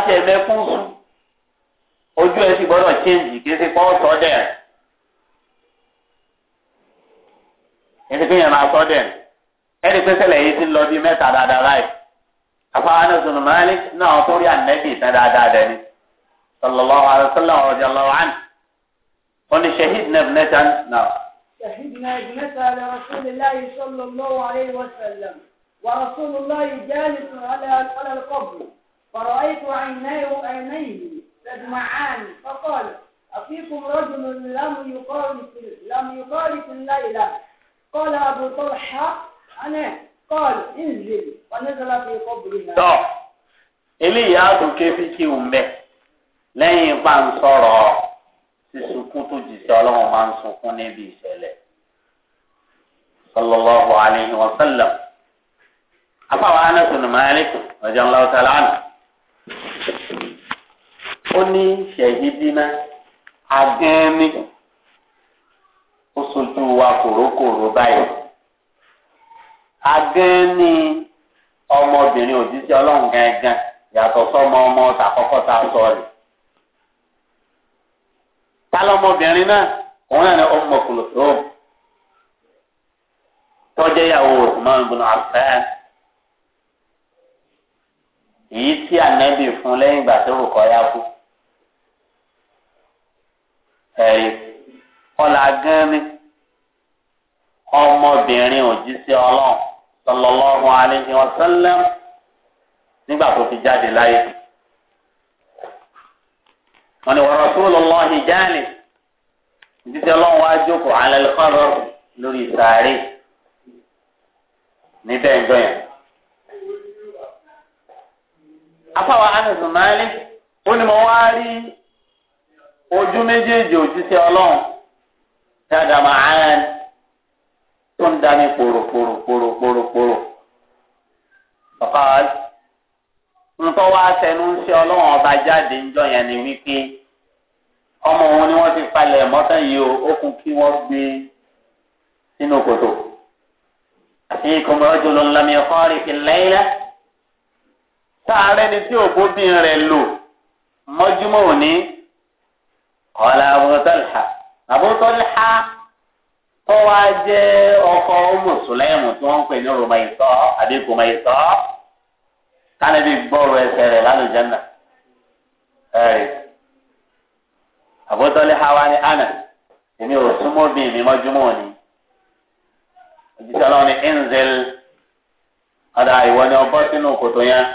ojú ẹ ti kí ẹ ti ẹni pé yẹn máa sọ dẹ̀ ẹni pé ṣẹlẹ̀ yìí ti lọ bí mẹ́ta dáadáa báyìí afáwọn náà sọnù mọ́lẹ́ náà tó rí ànẹ́bì tán dáadáa dẹ̀ ni sallallahu alayhi wa sallam ọ̀rọ̀ jẹ́ lọ́wọ́ àná wọ́n ní shahid neb netan náà. shahidna ibnata ala rasulillahi sallallahu alayhi wa sallam wa rasulillahi jalisun ala ala al-qabr فرأيت عينيه عينيه تدمعان فقال أفيكم رجل لم يقارف لم يقارف الليلة قال أبو طلحة أنا قال انزل ونزل في قبرنا tọ́ eléyìí àdùnké fi kí un bẹ lẹ́yìn bá ń sọ̀rọ̀ sísunkún tó jìṣẹ́ ọlọ́run máa ń sunkún níbi ìṣẹ̀lẹ̀ sallallahu alayhi wa sallam afáwọn anásùn malik ọjọ́ ńlá ọ̀tá lánàá ó ní ṣèyí dínà agẹ́ni. irú wa kòrókòró báyìí. agán ni ọmọbìnrin òjíṣẹ́ ọlọ́run yàtọ̀ ọmọ tàkọ́kọ́ tá Ta sọ rẹ̀. tálọ́mọbìnrin náà òun náà ọmọ kòlòsóòm tọ́jẹ́ ìyàwó Usman ibn Affan èyí tí ànábì fún lẹ́yìn ìgbà tó rò kọ́ yá ọmọbìnrin òjísé ọlọ́run sallallahu alaihi wasallam nígbà tó fi jáde láyé. wọ́n ní wa rasulullahi jalis òjíṣẹ́ ọlọ́run wá jókòó ala al lórí sàárè níbẹ̀ ń gbọ̀yàn. afáwa ó ní mo wá rí ojú méjèèjì ọlọ́run máa tó ń dání kporo kporo kporo kporo kporo ọ̀kọ́l nǹkan wá sẹ́nu ń ṣe ọlọ́wọ́n ọba jáde ńjọ yẹn ni wípé ọmọ òun ni wọ́n ti palẹ̀ mọ́tàn yìí o ó kún kí wọ́n gbé sínú kòtò àti ìkọmọ́rọ́ jòló ńlá mi ọkọ rẹ̀ fi lẹ́yìn rẹ̀ tí òbóbìn rẹ̀ lò mọ́júmọ́ òní ọ̀la àbótọ́lá àbótọ́lá tó wá jẹ́ ọkọ mùsùlẹ́mù tí wọ́n ń pè ní rùmọ̀ìsọ́ àbí kùmọ̀ìsọ́ kánẹ́bí gbọ́rọ̀ ẹsẹ̀ rẹ̀ lálùjáná ẹ̀rì àbótọ́lé hawa ní àná èmi ò súnmọ́ bí mi mọ́júmọ́ ni òjíṣẹ́ ọlọ́run ní ọ̀dà ìwọ ni ọbọ̀ sínú kòtò yẹn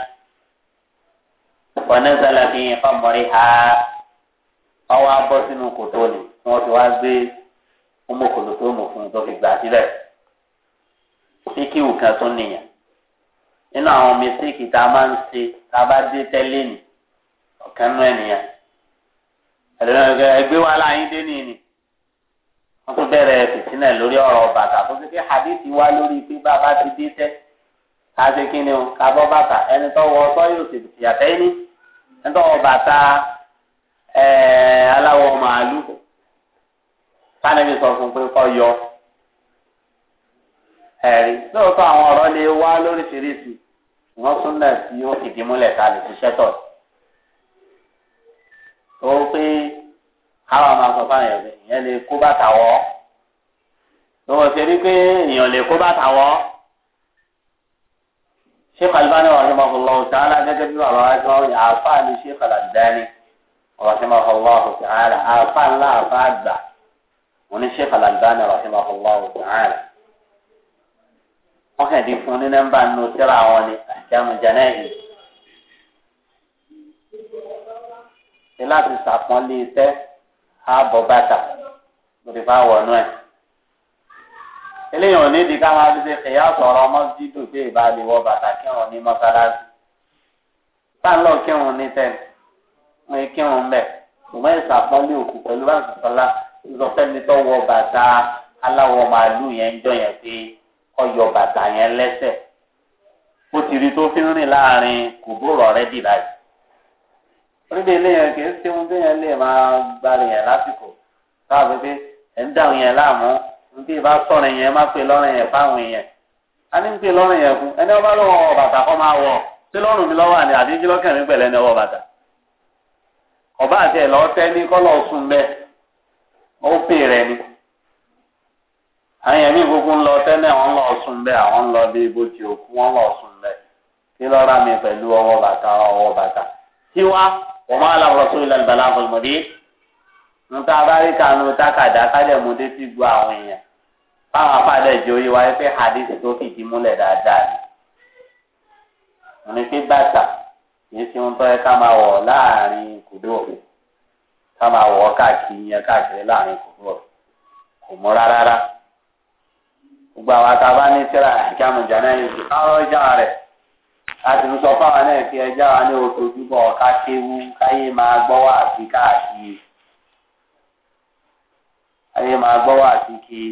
fọ̀nẹ́sẹ̀lá fi ọmọrí ha ọwọ́ abọ́ sínú kòtò ni wọ́n ti wá gbé ọmọ tó fi gbà sílẹ̀ síkìwù kan tó nìyẹn nínú àwọn mẹsíkì tá a máa ń ṣe tá a bá dé tẹ́lẹ̀ nì ọ̀kan nú ẹ̀nìyàn ẹgbẹ́ wa láyín dé wọ́n tún bẹ̀rẹ̀ fìtínà lórí ọ̀rọ̀ bàtà tó ti fi hadithi wá lórí pé bàbá ti dé tẹ́ ká ṣe kí ni o ká bọ́ bàtà ẹni tó wọ ọtọ́ yóò ṣe ìyàtẹ́ ẹni tó wọ bàtà aláwọ̀ màálù kánẹ́bí sọ fún ẹ̀rí lóòótọ́ àwọn ọ̀rọ̀ lè wá lóríṣiríṣi wọ́n tún náà tí ó fìdí múlẹ̀ ta lè ṣiṣẹ́ tọ̀ tó pé káwọn máa sọ fáwọn ẹ̀rí ìyẹn lè kó bàtà wọ́ lọ́wọ́ ṣe rí pé èèyàn lè kó bàtà wọ́ sheikh albani rahimahullah ta'ala gẹ́gẹ́ bí bàbá wa sọ àáfàá ni sheikh aladani rahimahullah ta'ala àáfàá ńlá àáfàá àgbà wọn ni sheikh aladani rahimahullah ta'ala wọn kàn dín fún ní nọ́mbà nù tẹ́lá wọn ni àjàmù jẹnẹyì ṣe láti ṣàpọ́nlé iṣẹ́ ààbọ̀ bàtà lórí bá wọnú ẹ̀ eléyìí ò ní di ká máa fi ṣe kìyà sọ̀rọ̀ mọ́sídù pé ìbálẹ̀ wọ bàtà kírun ní mọ́sálásí báńlọ kírun ní tẹ̀ ní kírun bẹ̀ ṣùgbọ́n ìṣàpọ́nlé òkú pẹ̀lú bá ń sọ̀tọ́lá ìzọ́fẹ́ni tó wọ bàtà aláwọ̀ màálù yẹn jọ yẹn pé. ọyọ bàtà yẹn lẹ́sẹ̀ ó ti ri tó fi ń rìn láàrin kòbórò rẹ dì báyìí orílẹ̀ èlé yẹn kì í ṣe ohun tó yẹn lè máa gbalẹ̀ yẹn lásìkò káàbí pé ẹ̀ ń dàrú yẹn láàmú ní tí sọ̀rọ̀ yẹn má pè lọ́rùn yẹn fáwọn èèyàn a ní ń pè lọ́rùn yẹn fún ẹni ọba lọ́wọ́ bàtà kọ́ máa wọ̀ sí lọ́rùn mi lọ́wọ́ àní àti jí mi pẹ̀lẹ́ ọwọ́ bàtà ọba àti ẹ̀ lọ́ọ́ àwọn èèyàn míì gbogbo ń lọ tẹ́lẹ̀ wọ́n lọ sùn bẹ́ẹ̀ àwọn ń lọ bí ibojì òkú wọ́n lọ sùn bẹ́ẹ̀ kí lọ́ra mi pẹ̀lú ọwọ́ bàtà ọwọ́ bàtà tiwa wọ́n máa lọ rọ̀ṣọ́ ilẹ̀ ìbàlá àbọ̀lùmọ́dé nta abárí kanu tákàdá kájẹ̀ mú dé gbọ́ àwọn èèyàn báwọn afáàdé jẹ́ oyé wáyé pé hadith tó fìdí múlẹ̀ dáadáa ni wọ́n ní pé bàtà kì í ṣe ohun tó yẹ ká máa wọ̀ láàrin kùdó ká máa wọ̀ káàkiri yẹn káàkiri láàrin kùdó kò mú rárá rárá gbogbo àwọn àtàwọn bá ní tíra ìjánu jàná yìí káwọn já rẹ̀ láti sọ fáwọn náà fi ẹjá wa ní ojoojúbọ ká kéwu káyé máa gbọ́ wá sí káàkiri káyé máa gbọ́ wá sí kí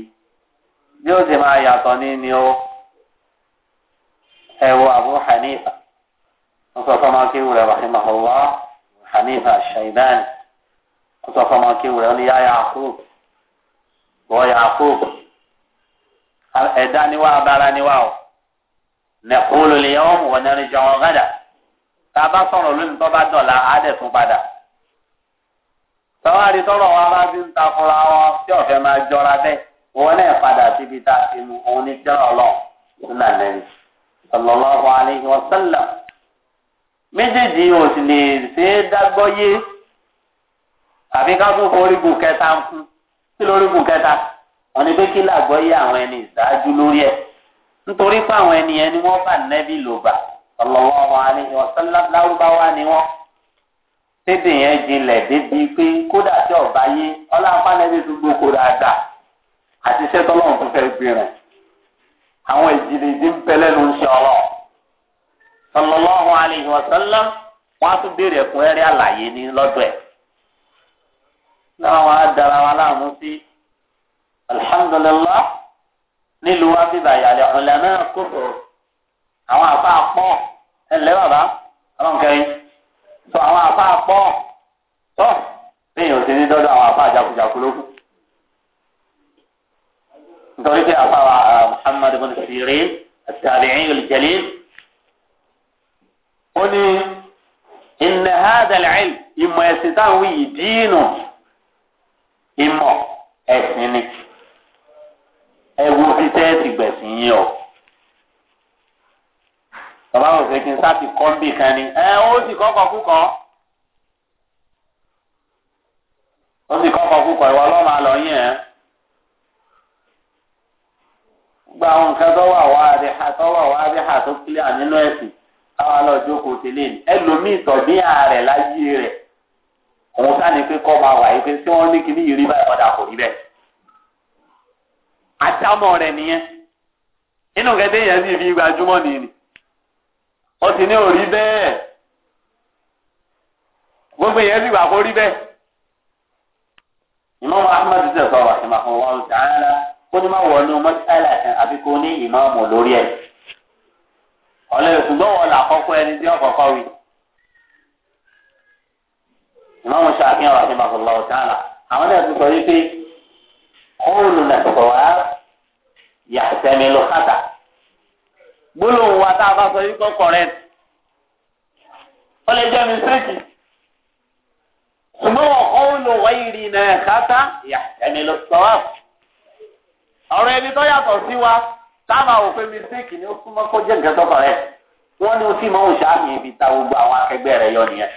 bí ó sì máa yàtọ̀ ní ni ó ẹ wo Hanifa wọ́n sọ fọmọ kéwu rẹ̀ rahimahullah Hanifa Shaybani wọ́n sọ fọmọ kéwu rẹ̀ ó ní yá Yaqub bọ́ Yaqub ẹ̀dá ni wá abára ni wá o nẹ̀kúlù lè yẹn wọ̀ nẹ́rin jọ wọn gàdà tá a bá sọ̀rọ̀ lónìí tó bá dọ̀la á dẹ̀ tún padà tọ́wárí tọ́rọ̀ wa bá ti ń ta fúnra wọn tí ọ̀fẹ́ máa jọra bẹ́ẹ̀ wọn náà padà síbi tá a ti mú òun ní jẹ́rọ̀ lọ sílẹ̀ lẹ́yìn sallallahu alayhi wa sallam méjèèjì ò sì lè ṣe é dágbọ́yé àfi ká tún forí bù kẹta fún kí lórí bù kẹta. wọn ni pé kí làgbọ́ yé àwọn ẹni ìsáájú lórí ẹ̀ nítorí pé àwọn ẹni ẹni wọn bá nẹ́bí lò bá sallallahu alaihi wasallam lárúbáwá ni wọ́n tébè yẹn jinlẹ̀ débi pé kódà tí ọba yé gboko dáadáa àti iṣẹ́ fẹ́ rẹ̀ àwọn ń bẹ lẹ́nu iṣẹ́ ọlọ́ á tún béèrè àlàyé ní alhamdulilah nílùú wa bíbá ìyàlẹ̀ ọ̀lẹ́mẹ́ kókò àwọn àfa àpọ̀ ẹ̀lẹ́ bàbá ọlọ́nkẹ́rin tó àwọn àfa àpọ̀ tó bẹ́ẹ̀ ò sí ní dọ́dọ̀ àwọn àfa àjàkújàkú lókù. nítorí pé àfa wa eh, Muhammad bin Sirin àtàbíyìn olùjẹ́lẹ̀ ó ní ìnà hádàlẹ́ ìmọ̀ ẹ̀sìn táwọn yìí dínú ìmọ̀ ẹ̀sìn ni. ewu wo títẹ́ẹ̀tì gbẹ̀sìn yín o bàbá wò pé kí n sáà ti kọ́ ń kan ni ẹ ó sì kọ́kọ́ kúkọ́ ó kọ́kọ́ kúkọ́ ìwọ ọlọ́run àlọ́ yín gba àwọn nǹkan tó wà wá adé ha tó wà wá adé ha tó kílíà nínú ẹ̀sìn káwa lọ jókòó tẹ́lẹ̀ ní ẹlòmíì tọ̀bíà rẹ̀ láyé rẹ̀ òun sáà ní pé kọ́ máa wà pé tí wọ́n ní kíní yìí àdámọ̀ rẹ̀ nìyẹn inú kẹtẹ yẹn sì fi gbajúmọ̀ nìyẹn ó sì ní òrí gbogbo yẹn sì wà kó rí bẹ́ẹ̀ ìmọ̀mù ahmed ṣe sọ wà sí màkàn wọn ṣe àárá kó ní má wọnú mọ́tíkálà àbí kó ní lórí ẹ̀ ọ̀lẹ́ ìṣùgbọ́n wọn là kọ́kọ́ ẹni tí wí yàtẹ̀mí ló kàtà gbólóhùn wa tá a bá sọ yìí kọ́ kọ̀rẹ́t ó lè jẹ́ mi sírìtì ṣùgbọ́n ọ̀hún ló wáyé rí náà kàtà yàtẹ̀mí ló sọ̀rọ̀ ọ̀rọ̀ ẹni tó yàtọ̀ sí wa táwọn òfin mistake ni ó súnmọ́ kó jẹ́ nǹkan tó kọ̀rẹ́t wọ́n ní o sì máa ń ṣàmì ibi ta gbogbo àwọn akẹgbẹ́ rẹ̀ yọ nìyẹn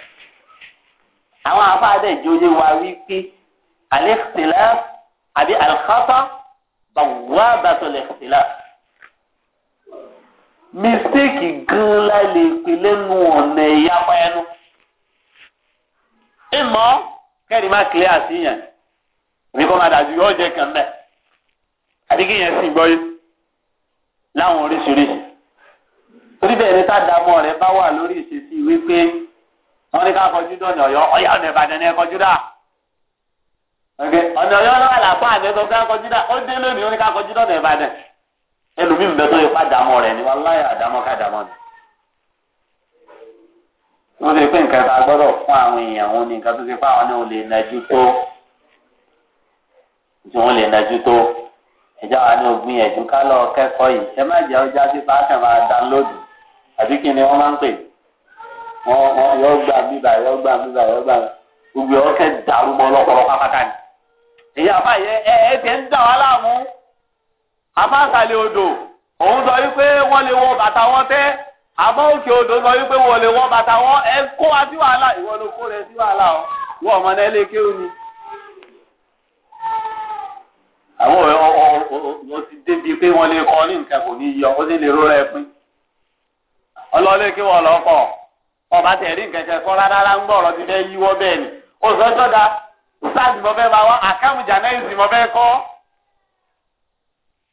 àwọn afáàdé ìjọyé wa wí pé alẹ́ tẹ̀lé àbí àlùkọ́tọ̀. tawwabatul ikhtilaf mistake gan la lè pè lẹ́nu ọ̀nà ẹnu ìmọ̀ kẹ́rì má clear sí yẹn àbí kọ́ máa dàbí ọ̀jẹ̀ kan kí yẹn si gbọ́ láwọn oríṣiríṣi torí bẹ́ẹ̀ ni tádàmọ́ bá wà lórí ìṣesí wípé ní ká ìbàdàn ọ̀nà ọ̀yọ́ lọ́wọ́ làpá àgbẹ̀ tó ká kọjú dá ó dé lónìí ó ní ká kọjú dọ̀nà ìbàdàn ẹlòmíì bẹ tó yẹ pa dàmọ́ ni wọ́n láyà àdámọ́ ká dàmọ́ ni. wọ́n ti pín nǹkan tá a gbọ́dọ̀ fún àwọn èèyàn òun ní nǹkan tó ti pa àwọn náà lè nájú tó tí wọ́n lè nájú tó ẹ̀já wa ní ogun ẹ̀jú ká lọ kẹ́kọ̀ọ́ yìí ẹ má jẹ́ ọjà sí pàṣẹ máa dánlóòdù àbí kí ni wọ́n máa ń pè wọ́n yọ gbà bíbà yọ gbà ìyá àbáyé ẹ ẹ tiẹ̀ ń dà wá láàmú afásàlẹ̀ odò òun sọ wípé wọ́n lè wọ bàtà wọn tẹ́ àmọ́ òkè odò sọ wípé wọ́n lè wọ bàtà wọn ẹ kó wa sí wàhálà ìwọ ló kó rẹ sí wàhálà o wọ́n ọmọ náà lè kéwù ni. àwọn ọ̀rẹ́ wọn ti débi pé wọ́n lè kọ́ ní nǹkan kò ní yọ ó sì lè rọra ẹ pín ọlọ́lé kí wọ́n lọ́kọ̀ ọba tẹ̀rí nǹkan kẹ́kọ́ rárá ń gbọ́ ọ̀rọ̀ ti fẹ́ yíwọ́ bẹ́ẹ̀ ni ó sọ́jọ́ da sáàdì mo fẹ́ máa wá àkàmù jàǹdẹ́sì mo fẹ́ kọ́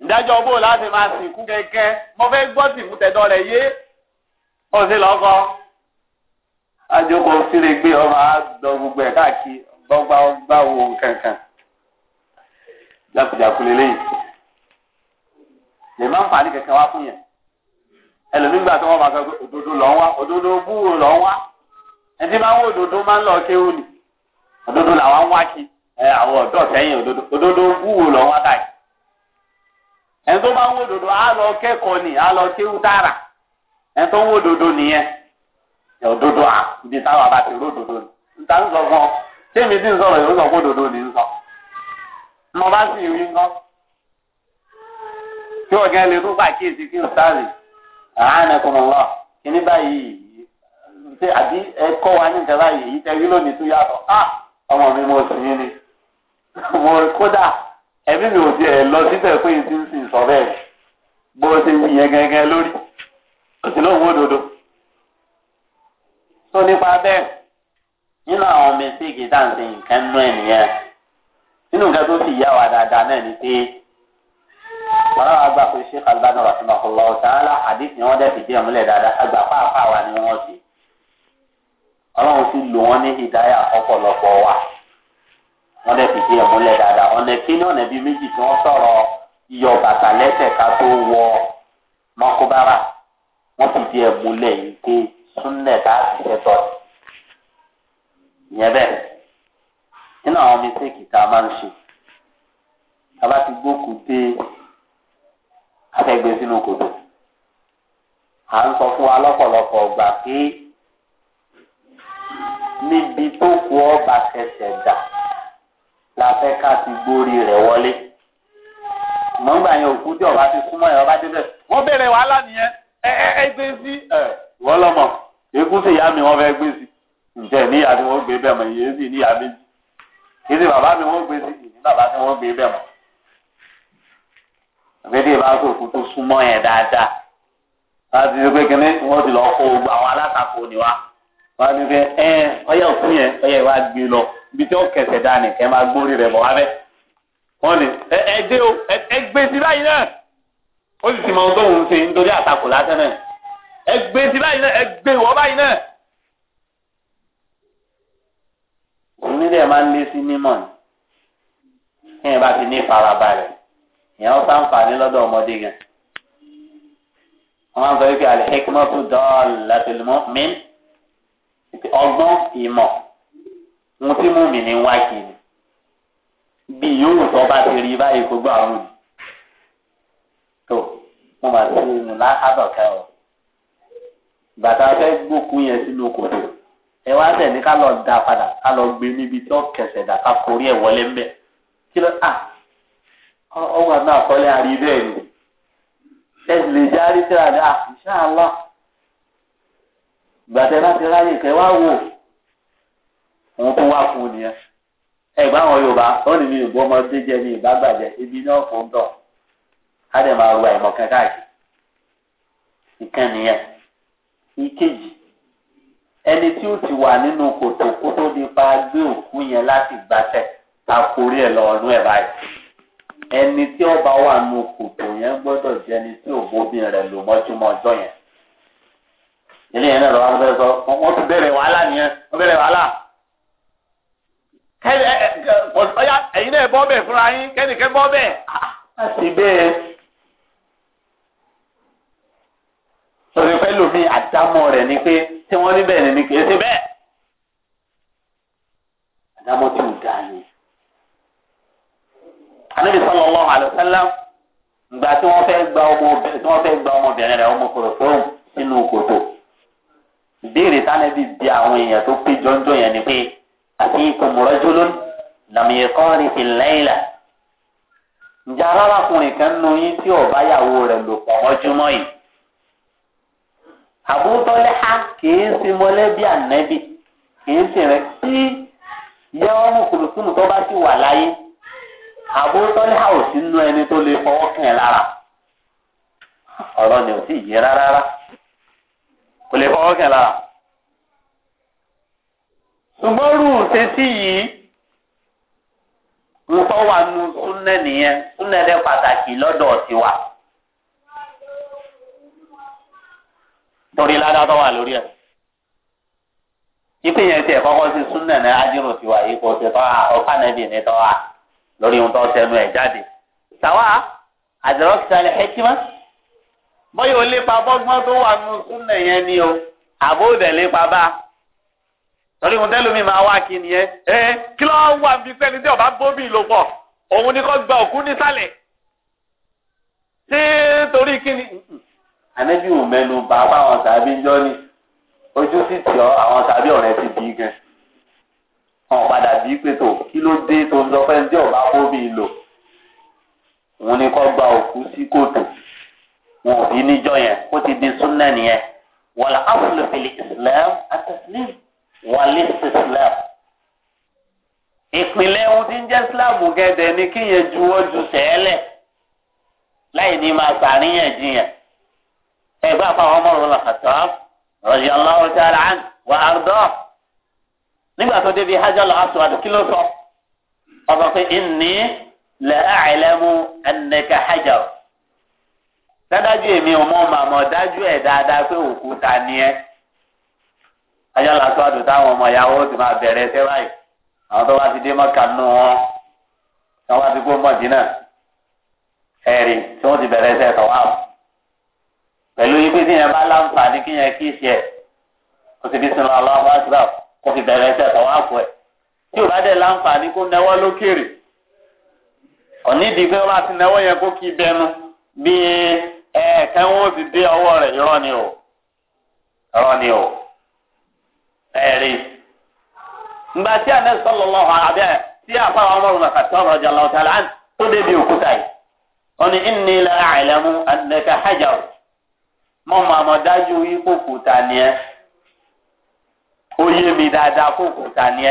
ìdájọ́ bó láti máa sìnkú kẹ́kẹ́ mo fẹ́ gbọ́ tìfún tẹ̀dọ́ rẹ̀ yé ọ̀sẹ̀ lọ́kọ́ àjọkọ̀ òsèré gbé ọmọ àádọ́ gbogbo ẹ̀ káàkiri gbọ́gbà ọgbà wo kankan jákujàku lélẹ́yìn lè má ń fàánì kankan wá fún yẹn ẹlòmíín gbà tó wọ́n máa sọ pé òdodo lọ́ wá òdodo búrò lọ́ wá ẹni òdodo làwọn ń wá kí ẹ àwọn ọ̀dọ́ sẹ́yìn òdodo lọ wá ẹni tó bá ń wo òdodo á lọ kẹkọọ ni á lọ kéwú ẹni tó ń òdodo nìyẹn òdodo à ibi táwọn ti ró òdodo nta ń sọ fún ọ ti ń sọ òdodo ni ń sọ mo bá sì rí nǹkan tí kí n sáré àánẹ lọ báyìí ọmọ mi mo sọ yín ni mo kódà ẹ̀mí mi ò tiẹ̀ lọ síbẹ̀ pé n ti ń sìn sọ bẹ́ẹ̀ bó ṣe ń yẹn gẹ́gẹ́ lórí ó sì lóun òdodo tó nípa bẹ́ẹ̀ nínú àwọn mẹsíkì dáǹsì nǹkan nú ẹ̀ nìyẹn nínú nǹkan tó sì yá wa dáadáa náà ni pé wọn náà gbà pé Sheikh Albani rahimahullah ta'ala àdìsí wọn dẹ̀ fìdí ẹ̀ múlẹ̀ dáadáa àgbà pàápàá wa ni wọ́n ṣe ọlọ́run ti lò wọ́n ní hidaya ọ̀pọ̀lọpọ̀ wa wọ́n dẹ̀ fìdí ẹ̀ múlẹ̀ dáadáa ọ̀nà kíní ọ̀nà bíi méjì tí wọ́n sọ̀rọ̀ iyọ̀ bàtà lẹ́sẹ̀ ká tó wọ mọ́kúbára wọ́n fìdí ẹ̀ múlẹ̀ yìí pé súnlẹ̀ tá a ti fẹ́ tọ̀ ìyẹn bẹ́ẹ̀ nínú àwọn mistake tá a máa ń ṣe a bá ti gbókù dé afẹ́gbẹ́ sínú kòtò à ń sọ fún wa lọ́pọ̀lọpọ̀ gbà pé níbi tó kú ọba kẹsẹ̀ dà la fẹ́ ká ti gbórí rẹ̀ wọlé mọ̀ngbà yẹn òkú tí ọba ti súnmọ́ ẹ̀ ọba débẹ̀ wọ́n bẹ̀rẹ̀ wàhálà nìyẹn ẹ ẹ ẹ gbé sí ẹ wọ́n lọ́mọ eégún sì yá mi wọ́n fẹ́ gbé sí ǹjẹ́ níyà ni wọ́n gbé bẹ́ẹ̀ mọ̀ ìyẹn sì níyà méjì ìdí bàbá mi wọ́n gbé sí ìdí bàbá mi wọ́n gbé bẹ́ẹ̀ mọ̀ àgbẹ̀dẹ ìbáṣọ òkú tó súnmọ́ yẹn dáadáa láti ṣe pé kínní wọ́n ti lọ kó gbogbo àwọn alátakò ni wá wọ́n á ní fẹ́ ẹ ọyẹ òkú yẹn ọyẹ ìwà gbé lọ ibi tí ó kẹsẹ̀ dá nìkẹ́ máa gbórí rẹ̀ bọ̀ wá bẹ́ wọ́n ní ẹ ẹ dé o ẹ gbé sí báyìí náà ó sì ti mọ ohun tó ń ṣe nítorí àtakò lásán náà ẹ gbé sí báyìí náà ẹ gbé wọ́ báyìí náà. òun nílẹ̀ máa ń lé sí mímọ̀ ni kéèyàn bá ti ní ìfarabalẹ̀ ìyẹn ó ṣàǹfààní lọ́dọ̀ ọmọdé gan. wọ́n máa ń sọ wípé alẹ́ hekima tó dọ́ọ̀lù láti lè mọ́ mí ọgbọ́n ìmọ̀ ohun tí múmi ní wá kiri bí yóò sọ bá ti rí báyìí gbogbo tó mo máa ti nù lábàkẹ́ ọ bàtà fẹ́ gbókun yẹn sínú kòtò ẹ wá ní ká lọ da padà ká lọ gbé níbi tí ó kẹsẹ̀ dà ká korí ẹ̀ wọlé kí ló à gbàtẹ́ bá ti ráyè kẹ́ wá wò òun tó wá fún un nìyẹn ẹgbẹ́ àwọn Yorùbá ó ní mi ìbú ọmọdé jẹ mi ìbá gbàjẹ ibi náà fò ń dọ̀ á dẹ̀ máa ru àìmọ̀ kan káàkiri ìkan nìyẹn ìkejì ẹni tí ó ti wà nínú kòtò kó tó di pa gbé òkú yẹn láti gbàtẹ́ àkórí ẹ̀ lọ́ọ̀nù ẹ̀ báyìí ẹni tí ó wà nínú kòtò yẹn gbọ́dọ̀ jẹ́ ẹni tí òbóbìn rẹ̀ lò mọ́júmọ́ yẹn ilé yẹn náà lọ́wọ́ wọn fẹ́ sọ wọ́n ti bẹ̀rẹ̀ wàhálà nìyẹn wọ́n bẹ̀rẹ̀ wàhálà. ọ̀yá ẹ̀yin náà bọ́ bẹ̀ fúnra yín kẹ́nìkẹ́ bọ́ bẹ̀ láti bẹ́ẹ̀. sọ̀rọ̀ ìfẹ́ lómi àdámọ̀ rẹ̀ ni pé tí wọ́n ní bẹ́ẹ̀ ni kì í ṣe bẹ́ẹ̀. àdámọ̀ tí ò dáa ni. Ànábì sallallahu alaihi wasallam ìgbà tí wọ́n fẹ́ gba ọmọbìnrin rẹ̀ ọmọkùnrin fóun sínú kòtò. béèrè sànẹ́bí bí àwọn èèyàn tó pé jọ́njọ́ yẹn ni pé àti ìkòmùrọ́jú lónìí làmìyẹ kan rí ìlẹ́yìnlá. ǹjẹ́ arárakùnrin kan nu yín tí ọ̀bá yàwó rẹ̀ lò pọ̀ mọ́júmọ́ yìí. àbútọ́lẹ́ á kìí sí mọ́lẹ́bí ànẹ́bí kìí sí rẹ̀ tí yẹ ọmọ kùrùkùrù tó bá sì wà láyé. àbútọ́lẹ́ á ò sí ẹni tó lè fọwọ́ kàn lára. ọ̀rọ̀ ni ò sì yé kò lè fọwọ́ kàn lára. ṣùgbọ́n rú ṣẹ́sí yìí ń tọ́wà nu nìyẹn pàtàkì lọ́dọ̀ tiwa. torí ládàá tó wà lórí ẹ̀ ipe yẹn tiẹ̀ kọ́kọ́ sí súnẹ̀ náà ájírò tiwa yìí kò tẹ̀ tọ́wà ọ̀kánẹ́bì ní bọ́yọ̀ lépa bọ́gbọ́n tó wà nù súnà yẹn ni o àbó òdẹ̀ lépa bá torí mo tẹ́lómi máa wá kí ni ẹ ẹ kí lọ́ọ́ wà bí pẹ́ni tí ọba bóbì ló pọ̀ òun ni kò gba òkú nísàlẹ̀ ṣé torí kí ni. ànábì ò mẹ́nu bá báwọn tàbí jọ ni ojú sì tì ọ àwọn tàbí ọ̀rẹ́ ti bí gan wọn padà bí pé tó kí ló dé tó ń lọ pẹ́ni tí ọba bóbì lò òun ni kò gba òkú sí kòtò. wọn ò bí níjọ́ yẹn ó ti di súnà nìyẹn wàlá afúlùfẹ̀lẹ̀ islam àtẹ̀sílẹ̀ wàlẹ̀ islam ìpìlẹ̀ ohun tí ń jẹ́ islam gẹ̀dẹ̀ ni kíyẹn juwọ́ ju sẹ́ẹ̀lẹ̀ láì ní máa ṣàríyànjiyàn ẹ bá fa ọmọ rẹ lọ kàtà rọ̀jì aláwọ̀ tí ara àn wà á dọ̀ nígbà tó débi hajj lọ aṣọ àdùkí ló sọ ọ̀sọ̀ pé ìní lẹ́ àìlẹ́mú ẹnẹkẹ hajar. dádájú emi ọmọ màmọ dájú ẹ dáadáa pé òkú ta ni ẹ ayọlá tó táwọn ọmọ ìyàwó ti ma bẹ̀rẹ̀ ẹsẹ̀ báyìí àwọn tó wá ti dé mọ́kà nù wọn tí wọ́n ti kó mọ̀dínà ẹ̀rì tí wọ́n ti bẹ̀rẹ̀ o pé tí yẹn bá láǹfààní kí yẹn kí ìṣe kó ti kó fún tí bá láǹfààní kó lókèrè òní ìdí ti yẹn kó kí bẹnu bíi ẹ̀ẹ̀kan wọn ti dé ọwọ rẹ irọ́ ni o irọ́ ni o ẹ̀rí. Ngbà tí a nẹ́sọ̀ lọ́lọ́ hàn abẹ́ tí a fà wọn mọ̀rún nàkà tó rọ̀jà lọ́wọ́ tààlà án tó débi òkúta yìí. ìní dájú kúta ni mi dáadáa kúta ni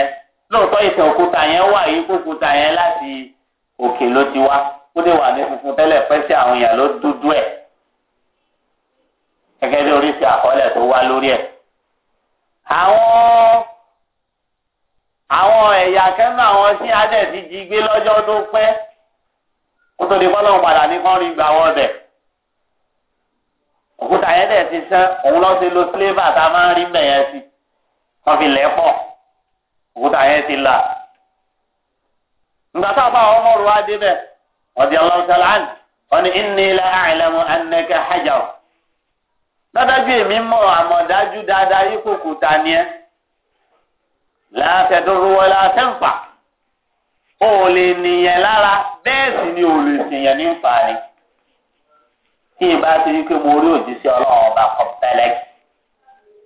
Lóòótọ́ ìtàn òkúta yẹn wà kúta yẹn láti òkè ló gẹ́gẹ́ bí oríṣi àkọọ́lẹ̀ tó wá lórí ẹ̀. àwọn àwọn ẹ̀yà kẹ́nu àwọn tí adẹ̀ ti jí gbé lọ́jọ́ tó pẹ́ kó tó di bọ́lọ̀ padà ní kán rí gbà wọ́n bẹ̀. òkúta yẹn dẹ̀ ti sán òun lọ́ lo flavour tá a máa ń rí bẹ̀ yẹn sí wọ́n fi òkúta yẹn ti là. nígbà táwọn ọmọ débẹ̀ lọ́dájú èmi mọ̀ àmọ̀dájú dáadáa yìí kò kùtà ni ẹ́ látẹ̀dúrúwọ́ látẹ̀ǹfà ó lè nìyẹn lára bẹ́ẹ̀ sì ni ò lè sìyẹn ní nfààní tí ìbá ti rí pé mo rí òjíṣẹ́ ọlọ́run ọba kọ̀ pẹ̀lẹ́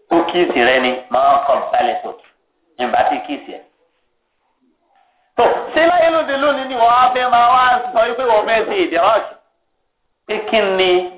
tó kíìsì rẹ ni máa kọ̀ pẹ̀lẹ́ tó ìbá ti kíìsì ẹ̀. tó ṣé láyé lóde lónìí ni wọ́n á fẹ́ máa wá sọ pé wọ́n fẹ́ ṣe ìdẹ́rọ́ọ̀kì pé kí ni.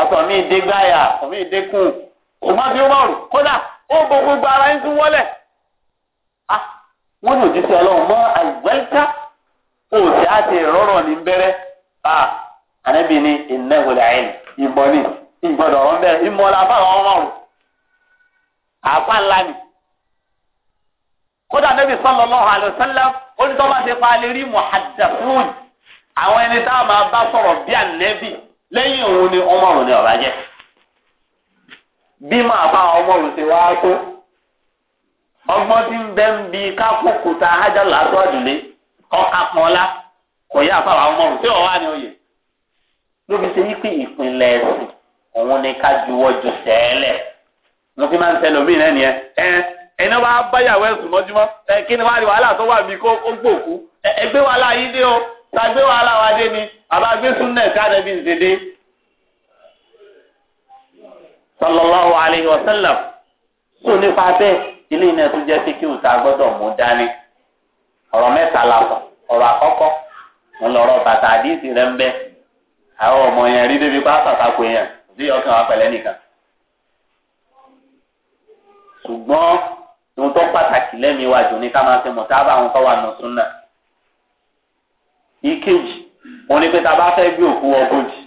ọ̀tọ̀ mi dé gbáyà ọ̀tọ̀ mi dé kù ògbọ́n ọ kódà ó bo gbogbo ara ń tún wọlé. wọ́n ní òjíṣẹ́ ọlọ́run mọ́ àìgbẹ́ńká òsì àti ìrọ́rọ̀ ní bẹ́rẹ́ ànábì ni ni ìgbọ́dọ̀ ọ̀rọ̀ bẹ́ẹ̀ ìmọ̀ la ọmọ àpá ni. kódà ànábì sallallahu alaihi wasallam ó ní ti pa àwọn ẹni tá a máa bá sọ̀rọ̀ bí lẹ́yìn òun ni ọmọrùn ni ọba jẹ́ bí ọmọrùn ṣe wá tó ọgbọ́n tí ń bẹ́ ń bi kápòkúta ájálù àtọ́jùlé kọ́ka pọ́nlá kò yá àfàwà ọmọrùn tí ọ̀wá ni oyè lóbi ṣe yí ìpínlẹ̀ ẹ̀sìn òun ni ká juwọ́ ju sẹ́ẹ̀lẹ̀ fi máa ń tẹnu mí mọ́júmọ́ ẹ ni wàhálà tó wà mí kó gbòkú ẹgbẹ́ wàhálà tàgbé wàhálà wa dé ni àbágbé súnà kánàbí nzèdè sallallahu alayhi wa sallam so nípa bẹ́ẹ̀ ilé iná tó jẹ́ pé kí o ta gbọ́dọ̀ mú dání ọ̀rọ̀ mẹ́ta la fọ ọ̀rọ̀ àkọ́kọ́ mo lọ́rọ̀ bàtà àdìsí rẹ ń bẹ àwọn ọmọ yẹn rí débi bá pàtàkó yẹn bí ọkàn wa pẹ̀lẹ́ nìkan ṣùgbọ́n ohun tó pàtàkì lẹ́mìí wájú ni ká máa fi mọ̀ tá a bá wà nù sún ìkejì wọn ni pé tá fẹ́ gbé òkú ọgọ́jì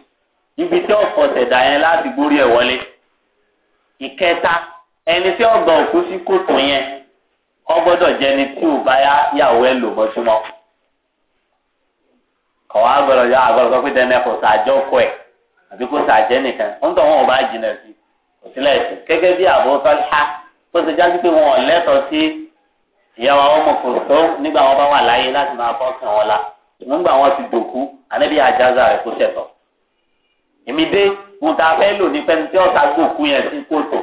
ibi tí ọ̀pọ̀ tẹ̀dá yẹn láti gbórí ẹ̀ wọlé ìkẹta ẹni tí ọgbà òkú sí kòtò yẹn ọ gbọ́dọ̀ jẹni tí ò bá yàwó ẹ̀ lò mọ́túmọ́ kọ̀wá gbọ́dọ̀ yọ àgbọ̀dọ̀ sọ pé dẹ́nẹ́ kò sàjọ́ kọ ẹ̀ àbí kò sàjẹ́ nìkan ń tọ́ wọn ò bá jìnà sí kò sílẹ̀ sí gẹ́gẹ́ bí kó ṣe jáde pé wọn gbà wọn ti dòkú anabi ajaza rẹ kó sẹtọ èmi dé mo ta fẹ́ lò ní pẹ́ni tí ọ̀tá gbòkú yẹn sí kòtò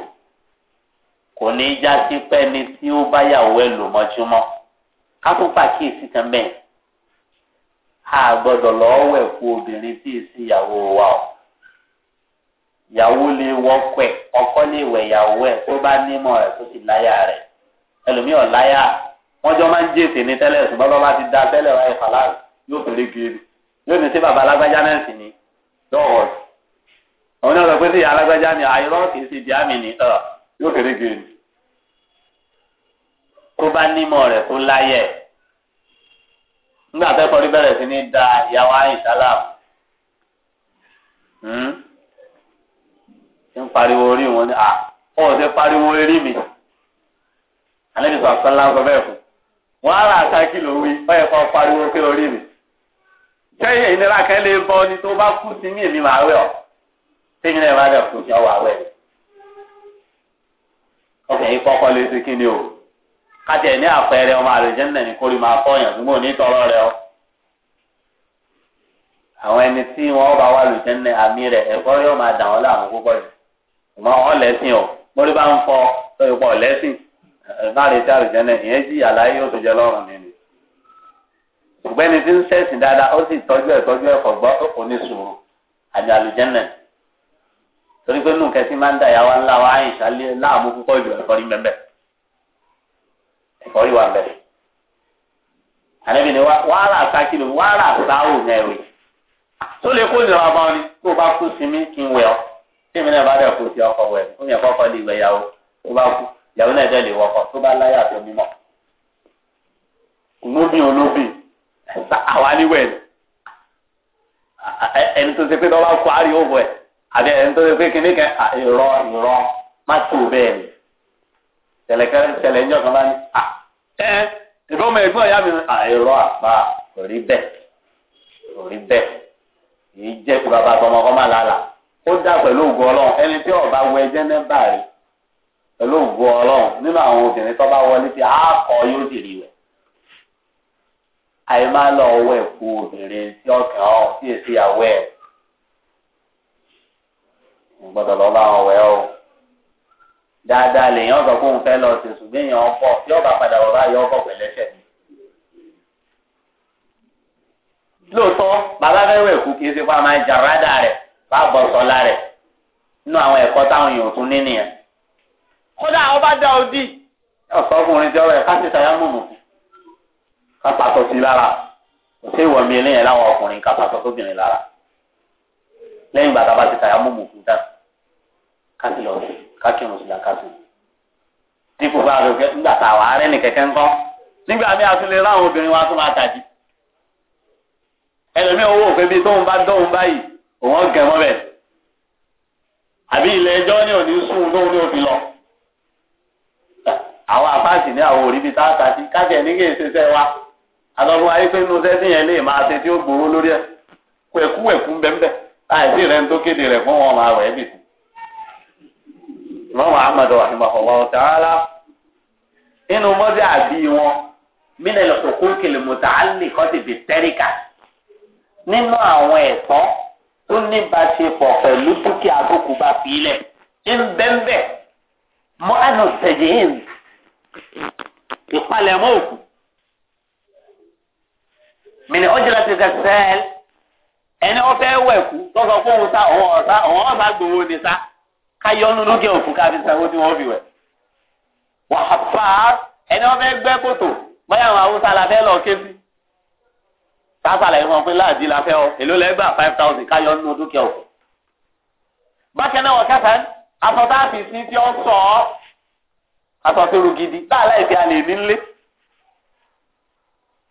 kò ní í já sí pẹ́ni tí ó bá yàwó ẹ̀ lò mọ́júmọ́ ká tó pàkíyèsí kan bẹ́ẹ̀ a gbọ́dọ̀ lọ́ọ́ wẹ̀ fún obìnrin tí èsì ìyàwó wa o ìyàwó lè wọ́kọ ẹ̀ ọkọ lè wẹ̀ ìyàwó ẹ̀ tó bá nímọ̀ rẹ̀ tó ti láyà rẹ̀ ẹlòmíràn láyà wọ́n jọ máa ń jèsè ní tẹ́lẹ̀ ṣùgbọ́n bá ti da tẹ́lẹ̀ wáyé fàlàrù yóò fèrè gèrè yóò ní sí bàbá alágbájá náà sì ni lọ́wọ́ Onye náà sọ pé sí alágbájá ni àìrọ́ kìí ṣe ìdí àmì ni yóò fèrè gèrè tó bá nímọ̀ rẹ̀ tó láyẹ̀ nígbà tẹ́kọ̀ọ́ rí bẹ̀rẹ̀ sí ní da ìyàwó àyíṣálà hmm? ń pariwo orí wọn ni ọ ṣe pariwo orí mi alẹ́ nípa sọ́lá ń sọ bẹ́ẹ̀ fún wọn á rà pariwo sẹ́yìn ìnira kan lè bọ́ ni tó bá kú sí ní èmi máa wẹ̀ ọ́ sẹ́yìn náà bá dẹ̀ sí ọwọ́ àwẹ̀ ọkùnrin kọ́kọ́ lè ṣe kí ni o kájẹ ní àpẹẹrẹ ọmọ àlùjẹ́ náà ní kórìí máa fọyàn ṣùgbọ́n ní tọrọ rẹ ọ àwọn ẹni tí wọn bá wà lùjẹ́ náà àmì rẹ ẹ̀kọ́ yóò máa dà wọ́n láàmú púpọ̀ jù ṣùgbọ́n ọ lẹ́sìn o mórí bá ń fọ ọ lẹ́sìn ṣùgbọ́n ẹni tí ń sẹ̀sìn dáadáa ó sì tọ́jú ẹ̀ tọ́jú ẹ̀ kọ̀ gbọ́ òní sùúrù àjọ àlùjẹ́nẹ̀ torí pé nùkẹ́ sí máa ń dàyà wa ńlá wa àyìnṣá láàmú púpọ̀ jù ẹ̀fọ́rí mẹ́mẹ́ ẹ̀fọ́rí wa mẹ́rẹ̀ àlẹ́bí ni wàhálà sákìlò wàhálà sáwò mẹ́rin tó lè kó ìnira bá wọn ni tó bá kú sí mi kí n wẹ̀ ọ́ tí mi náà bá dẹ̀ kú sí ọkọ̀ wẹ̀ ó yẹ kọ́kọ́ lè wẹ̀ yàwó tó bá kú yàwó náà dẹ̀ lè wọkọ̀ tó bá láyà tó mímọ́ olóbìn olóbìn àwa níwẹ̀ ẹni tó ṣe pé tọ́lá kó àárí òwò ẹ̀ àbí ẹni tó ṣe pé kíní kan ìrọ ìrọ má tó bẹ́ẹ̀ ni tẹ̀lẹ̀kẹ́rẹ́ tẹ̀lẹ̀ ńjọ́ kan bá ní à ẹ ìbọn ọmọ ẹ̀gbọ́n ìyá mi ìrọ àpá kò rí bẹ́ẹ̀ kò rí bẹ́ẹ̀ kì í jẹ́ kí bàbá àtọmọ ọkọ má lálà ó dà pẹ̀lú ògùn ọlọ́run ẹni tí ọba wọ ẹjẹ́ náà bá rí pẹ̀lú ògùn ọlọ́run nínú àwọn obìnrin tó bá wọlé sí àákọ́ yóò dìrì rẹ̀ àyè máa lọ ọwọ́ ẹ̀kú obìnrin tí ọ̀kàn ọ̀ sí èsì àwọ̀ ẹ̀ gbọ́dọ̀ lọ bá wọn wẹ̀ ọ́ dáadáa lèèyàn sọ fóun fẹ́ lọ sí ṣùgbọ́n èèyàn bọ̀ tí ọba padà wọ̀ báyìí ọkọ̀ pẹ̀lẹ́sẹ̀ ni. lóòótọ́ bàbá fẹ́ wẹ̀ kú kí n ṣe fún àmà ìjàrádà rẹ̀ bá bọ̀ sọ́lá rẹ̀ nínú àwọn ẹ̀kọ́ táwọn èèyàn tún ní nìyẹn. kódà ọba dá odi. ọ̀sọ́ kápásọ sí lára kò sí ìwọ mi láwọn ọkùnrin sóbìnrin lára gbàtà bá ti fún dípò bá kẹ nígbà tá a wà á rẹ ní kẹ̀kẹ́ ńkọ́ nígbà mi a lè ráwọn obìnrin wa tó máa tàjì owó òfin bíi tóun bá dóun báyìí òun mọ àbí ilé òní sùn ní òfin lọ àwọn ní àwọn tàjì àtọ́fún ayé pé inú sẹ́sì yẹn lè máa ṣe tí ó gbowó lórí ẹ̀ wẹ̀kúwẹ̀kú bẹ́ẹ̀ láìsí rẹ̀ ń tó kéde rẹ̀ fún wọn máa wẹ̀ bìtì. ìmọ̀ràn ahmed rahimahullah ta'ala inú mọ́tí àbí wọn mílẹ̀ lọ́kọ̀ọ́kọ́ kele mọ̀tàálì kọ́ ti fi tẹ́ríkà nínú àwọn ẹ̀tọ́ tó níbaṣepọ̀ pẹ̀lú dúkìá àbùkù bá fi ilẹ̀ ń mọ́ mìnì ọjọ́lá ti sẹ́ sẹ́ẹ̀l ẹni ọ̀fẹ́ wẹ̀kú tọ́sọ fóun sá ọ̀hún ọ̀sá ọ̀hún ọ̀sá gbowó ni sá káyọ́ nínú kí òkú káfí sanwó tí wọ́n fi wẹ̀. wàhálà ẹni ọ̀fẹ́ gbẹ́ kòtò báyà àwọn haúsá la fẹ́ lọ ké sí. sásàlẹ̀ ìfọ̀n pé láàdí la fẹ́ ọ èló lẹ́ gbà five thousand káyọ́ nínú dúkìá òkú. bákan náà wọ kẹta afọ tá a fi sí tí ó sọ ọ asọ tó gidi láàlá ìfẹ́ alẹ́ nílé.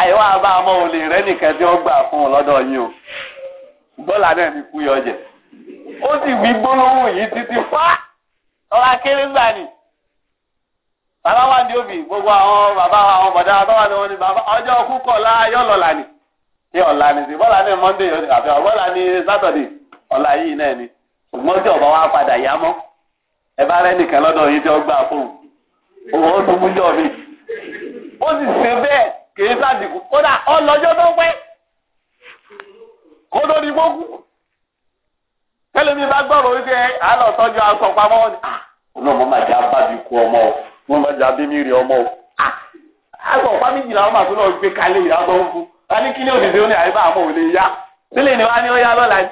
àìwá àbá ọmọ òun lè rẹ́ tí ó gbà fún un lọ́dọ̀ o bọ́là náà ní kúyọ jẹ ó sì wí gbólóhùn yìí títí fá ọlá kéré gbà ní bàbá wà ní òbí gbogbo àwọn bàbá àwọn bọ̀dá wọn bàbá ọjọ́ ni ṣé ọ̀la ni sí àbí ọ̀la yìí náà ni ṣùgbọ́n tí ọ̀bá wa padà yá mọ́ ẹ bá nìkan lọ́dọ̀ yìí kìí sàdìkú kódà ọlọ́jọ́ tó pẹ́ kó lórí gbókù tẹlifí bá gbọ́rọ̀ wípé àlọ́ tọ́jú aṣọ pamọ́ ni. máa jẹ́ ọmọ o wọ́n máa jẹ́ ọmọ o. aṣọ ọ̀pá méjìlá wọn gbé kalẹ̀ ní òdìdí ó ní àyíká lè yá sílẹ̀ ni ní lọ́la yìí.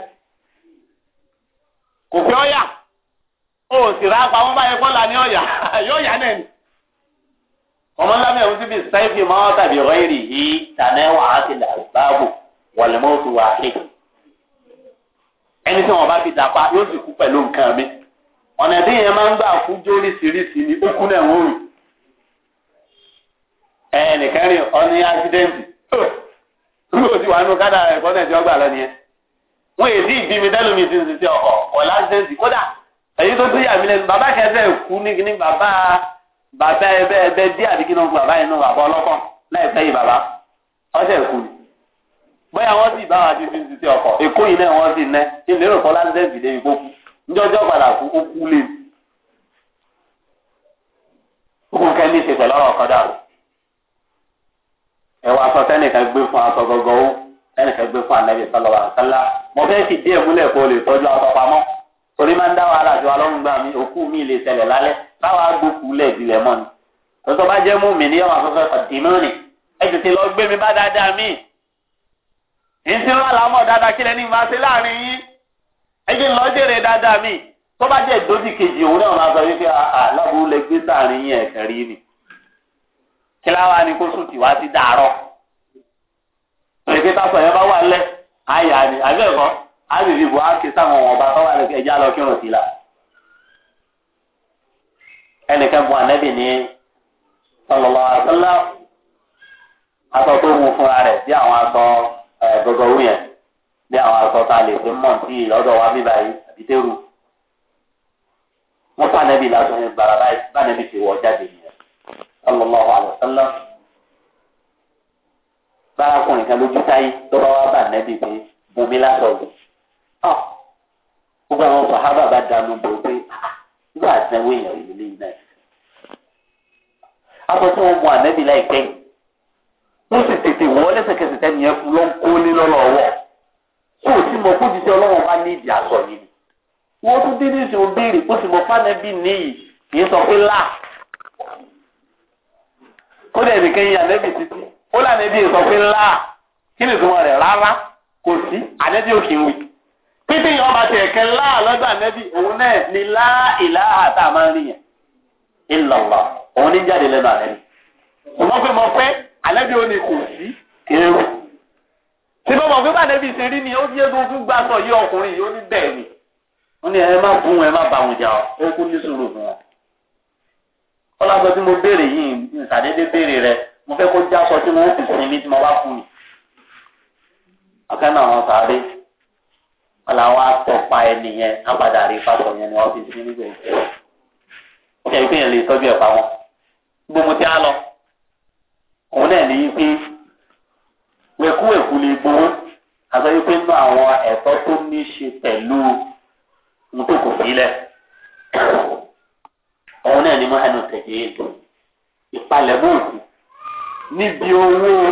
kò fi sì rà pamọ́ báyẹn ní <laughs> ومن لم يمت بالسيف مات بغيره تنوعت الأسباب والموت واحد ẹni tí wọn bá fi dàpá yóò sì kú pẹ̀lú nǹkan mi ọ̀nà tí yẹn máa ń gbà kú jóríṣiríṣi ni ó kú náà ń rìn ẹnìkan rìn ọ ní ásídẹ́ǹtì ó sì wà nínú kádà ẹ̀kọ́ náà tí wọ́n gbà lọ wọn èdè ìbími tẹ́lómi ti ń sisi ọ̀ ọ̀ lásídẹ́ǹtì kódà èyí tó tó yà mí lẹ́nu bàbá kẹsẹ̀ kú ní kíní bàbá bàbá ẹbẹ ẹbẹ dí àbíkí náà bàbá yẹn náà bàbá ọlọ́kọ̀ láì fẹ́ yìí bàbá ọ̀sẹ̀ kù ni bóyá wọ́n sì bá wa ti fi ti ọkọ̀ èkó yìí náà wọ́n sì nẹ́ ilé rò kọ́ láti dẹ́sì débi kó kú njọ́jọ́ padà kú ó kú lé okùn kẹ́ ní ìṣèpẹ̀ lọ́rọ̀ ọ̀kọ́ dà o ẹ̀wọ̀n aṣọ tẹ́nìkan gbé fún aṣọ gọ́gọ́ ó tẹ́nìkan gbé fún anabi sọlọ́wà sọlá mo fẹ́ fi díẹ̀ múlẹ̀ kó lè tọ́jú aṣọ pamọ́ torí máa ń dá wàhálà ju alọ́run gbà mí òkú mi lè ṣẹlẹ̀ lálẹ́ báwa gbókù lẹ̀ ìdílẹ̀ mọ́ ni tọ́tọ́ bá jẹ́ mú mi ní ọmọ afẹ́fẹ́ lọ gbé mi bá dáadáa mí ìsìn lọ́la mọ̀ dáadáa kílẹ̀ ní ìfàṣẹ láàrin yín ẹ jẹ́ lọ jèrè dáadáa mí tó bá jẹ́ ìdójì kejì òun náà máa sọ wípé gbé sáàrin yín ẹ̀kẹ́ rí kíláwá ni kó sùn sí dàárọ̀ pèsè yẹn bá wà lẹ̀ ẹnìkan bu ànábì ní sọlọlọ àtọlá aṣọ tó mú fúnra rẹ̀ bí àwọn aṣọ gbogbo yẹn bí àwọn aṣọ tá a lè fi mọ̀ sí lọ́dọ̀ wa bíbá yìí àbí tẹ́rù wọ́n fún ànábì lásán ní gbàrà báyìí bá ànábì ti wọ̀ jáde yẹn sọlọlọ àtọlá bárakùnrin kan lójú táyé lọ́wọ́ wa bá ànábì pé bùnmi lásán ah! gbogbo àwọn sàhábà bá dànù gbogbo irú àtẹwé yẹn ò lè náà aṣọ tí wọn gun ànẹbí láìpẹ́ yìí wọn sì tètè wọ lẹ́sẹ̀kẹsẹ̀ tẹni yẹn fún ló ń kó lé lọlọwọ tó o ti mọ kó jíjẹ Ọlọ́run bá ní ìdí aṣọ yìí ni wọn tún dé ní ìṣòro béèrè kó sì mọ fánẹbí níyì kì í sọ pé là ó dẹ̀ nìkan yìí ànẹbí títí ó lànà ẹbí sọ pé là kí ni ìtumọ̀ rẹ̀ rárá kò sí ànẹbí ò kì í wí. títí yẹn ọba tiẹ̀ kẹ́ ńlá lọ́dọ̀ ànẹ́bí òun náà ní àtà máa ń rí yẹn ìlọ̀lọ̀ òun ní jáde lẹ́nu ànẹ́bí. ṣùgbọ́n pé mo pé ò ní kò sí kéwù. tí mo mọ̀ pé bá nẹ́bí ṣe rí ni ó yé fún yí ọkùnrin yìí ní bẹ́ẹ̀ ni. wọ́n ní ẹ má ẹ má jà ọ́ ó kú ní sùúrù fún mo béèrè yìí ìsàdédé béèrè rẹ mo fẹ́ kó tí mo fi sinmi tí mo bá fún mi. ọ̀kẹ́ náà wọn làwọn ẹni yẹn wọn rí pásọ yẹn ní ọfíìsì nígbà yẹn ó kẹ́ ẹ pé lè pa wọn gbogbo tí a lọ òun náà nìyí pé wẹ̀kúwẹ̀kú lè gbowó àti wípé nínú àwọn tó ní ṣe òun náà ètò níbi owó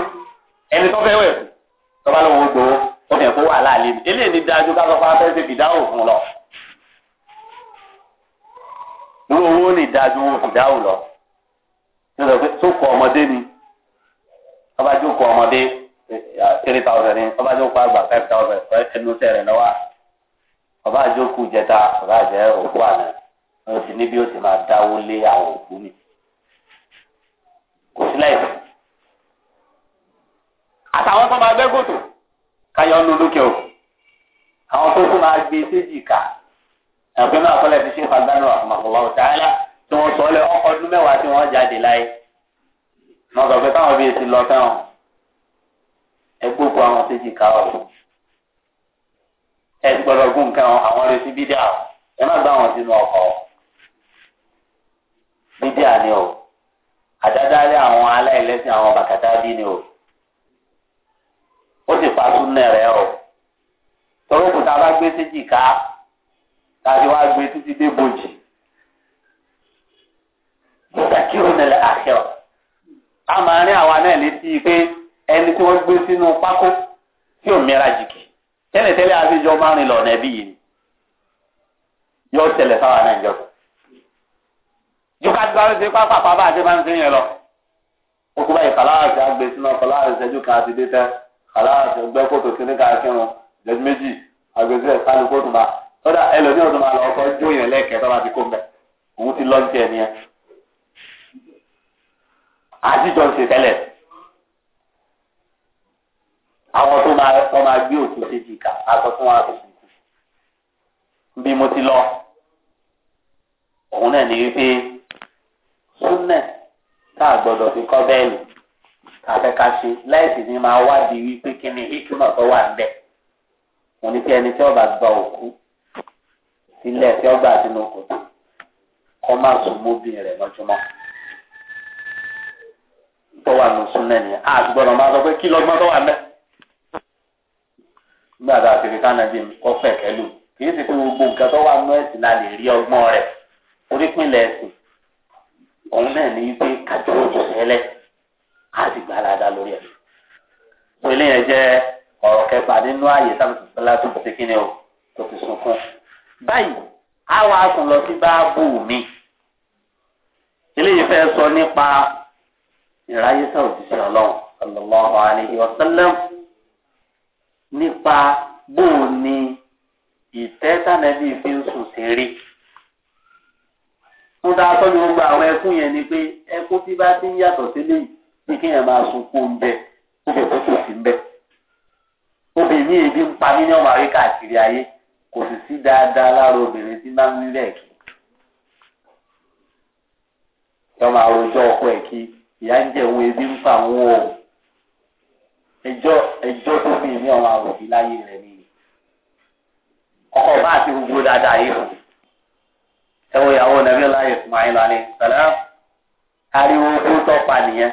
ẹni tó gbowó. wọn yẹ kó wà láàlẹ́ mi eléyìí ni dájú ká sọ fún afẹ́sẹ̀ fìdáwò fún lọ wọn owó ní dájú wọn fìdáwò lọ nígbà pé tó kọ ọmọdé ni ọba jókòó ọmọdé three thousand ni ọba jókòó àgbà five thousand ẹnu sẹ̀rẹ̀ lọ́wọ́ ọba àjókù jẹta ọba jẹ òkú àná wọn sì níbi ó sì máa dáwó lé àwọn òkú mi kò sílẹ̀ àtàwọn tó máa gbẹ́ gòtò káyọ̀ nínú dúkìá o àwọn tó tún máa gbé séjì ká ẹ̀fẹ́ náà kọ́lẹ̀ fi ṣe fagbánu àfọmọ́fọwọ́ ọ̀tàlá tí wọ́n sọ lé ọkọ̀ ọdún mẹ́wàá tí wọ́n jáde láyé wọ́n sọ pé táwọn bíi ti lọ fẹ́ràn ẹ gbógun àwọn séjì ká o ẹ gbọ́dọ̀ gún nǹkan àwọn retí bídíà ẹ má gbá àwọn sínú ọkọ̀ bídíà ni o àdádálẹ̀ àwọn aláìlẹ́sìn àwọn bàkàtà bí ni o ó sì fa súnà rẹ o torí kò tá a bá gbé séjì ká tàbí wàá gbé títí dé bòjì mùsàkírò nílẹ̀ àṣẹ ọ a máa rí àwa náà létí pé ẹni tí wọ́n gbé sínú pákó tí ò mìíràn jìkì tẹ́lẹ̀tẹ́lẹ̀ àfijọ máa rìn lọ nẹbí yìí yóò tẹ́lẹ̀ sáwà náà jọ ju ká gbá ṣe pápá bàbá àti máa ń sìn yẹn lọ ó kú báyìí kàláàsì àgbèsínà kàláàsì ṣẹ́jú kan àti dé tẹ. aláàṣẹ gbẹ́ kóòtù kí ní ká kírun jẹ́jú méjì agbègbè ẹ̀ sálù kóòtù máa kódà ẹlòmíì ọ̀dùn máa lọ ọkọ̀ jó yẹn tó bá ti kó òun ti lọ jẹ nìyẹn. àtijọ́ ń ṣe tẹlẹ àwọn tó máa tó máa gbé òkú séjì ká bí mo ti lọ òun náà ní wípé a afẹ́kàṣe láìsí ní máa wádìí wípé kí ni hikima tó wà níbẹ̀ ẹni tí ọba gba òkú sílẹ̀ tí ọba kò tó kọ́ má sùn rẹ̀ lọ́jọ́mọ́ tó wà ní a ti gbọ́dọ̀ máa sọ pé kí lọ́gbọ́n tó wà níbẹ̀ nígbà tá a ti fi kánàdì kọ́ fẹ̀ kẹ́lù kì í fi gbogbo nǹkan tó la lè rí ọgbọ́n rẹ̀ ẹ̀sìn òun náà ní wípé á sì gbà dáadáa lórí ẹ̀. fún ilé yẹn jẹ́ ọ̀rọ̀ kẹfà nínú ààyè sábàtúntò látún kò sí kí ni o kò sì sunkún. báyìí á wà á tún lọ sí báàbù mi. eléyìí fẹ́ sọ nípa ìráyésá òjíṣẹ́ ọlọ́run sallallahu alaihi wa sallam nípa bóun ni ìtẹ́ tànàbí fi ń sùn sí rí fún dáa tọ́jú gbogbo àwọn ẹkún yẹn ni pé ẹkún tí bá ti ń yàtọ̀ sílé yìí bí kéèyàn máa sunkún oúnjẹ ó fẹ́ tó sì sí ń bẹ̀. obìnrin ebi ń pa nínú ọmọ àrí káàkiri ayé kò sì sí dáadáa lára obìnrin tí máa ń nílẹ̀ kí. yọ máa rojọ́ ọkọ ẹ̀ kí ìyá ń jẹ òun ebi ń pa òun o ẹjọ́ ẹjọ́ tó fi ìní ọmọ àròkí láyé rẹ̀ nìyí. ọkọ bá àti gbogbo dáadáa yìí hàn ẹwọ ìyàwó nàbí ọláyé ismail alayhi salam ariwo tó tọpa nìyẹn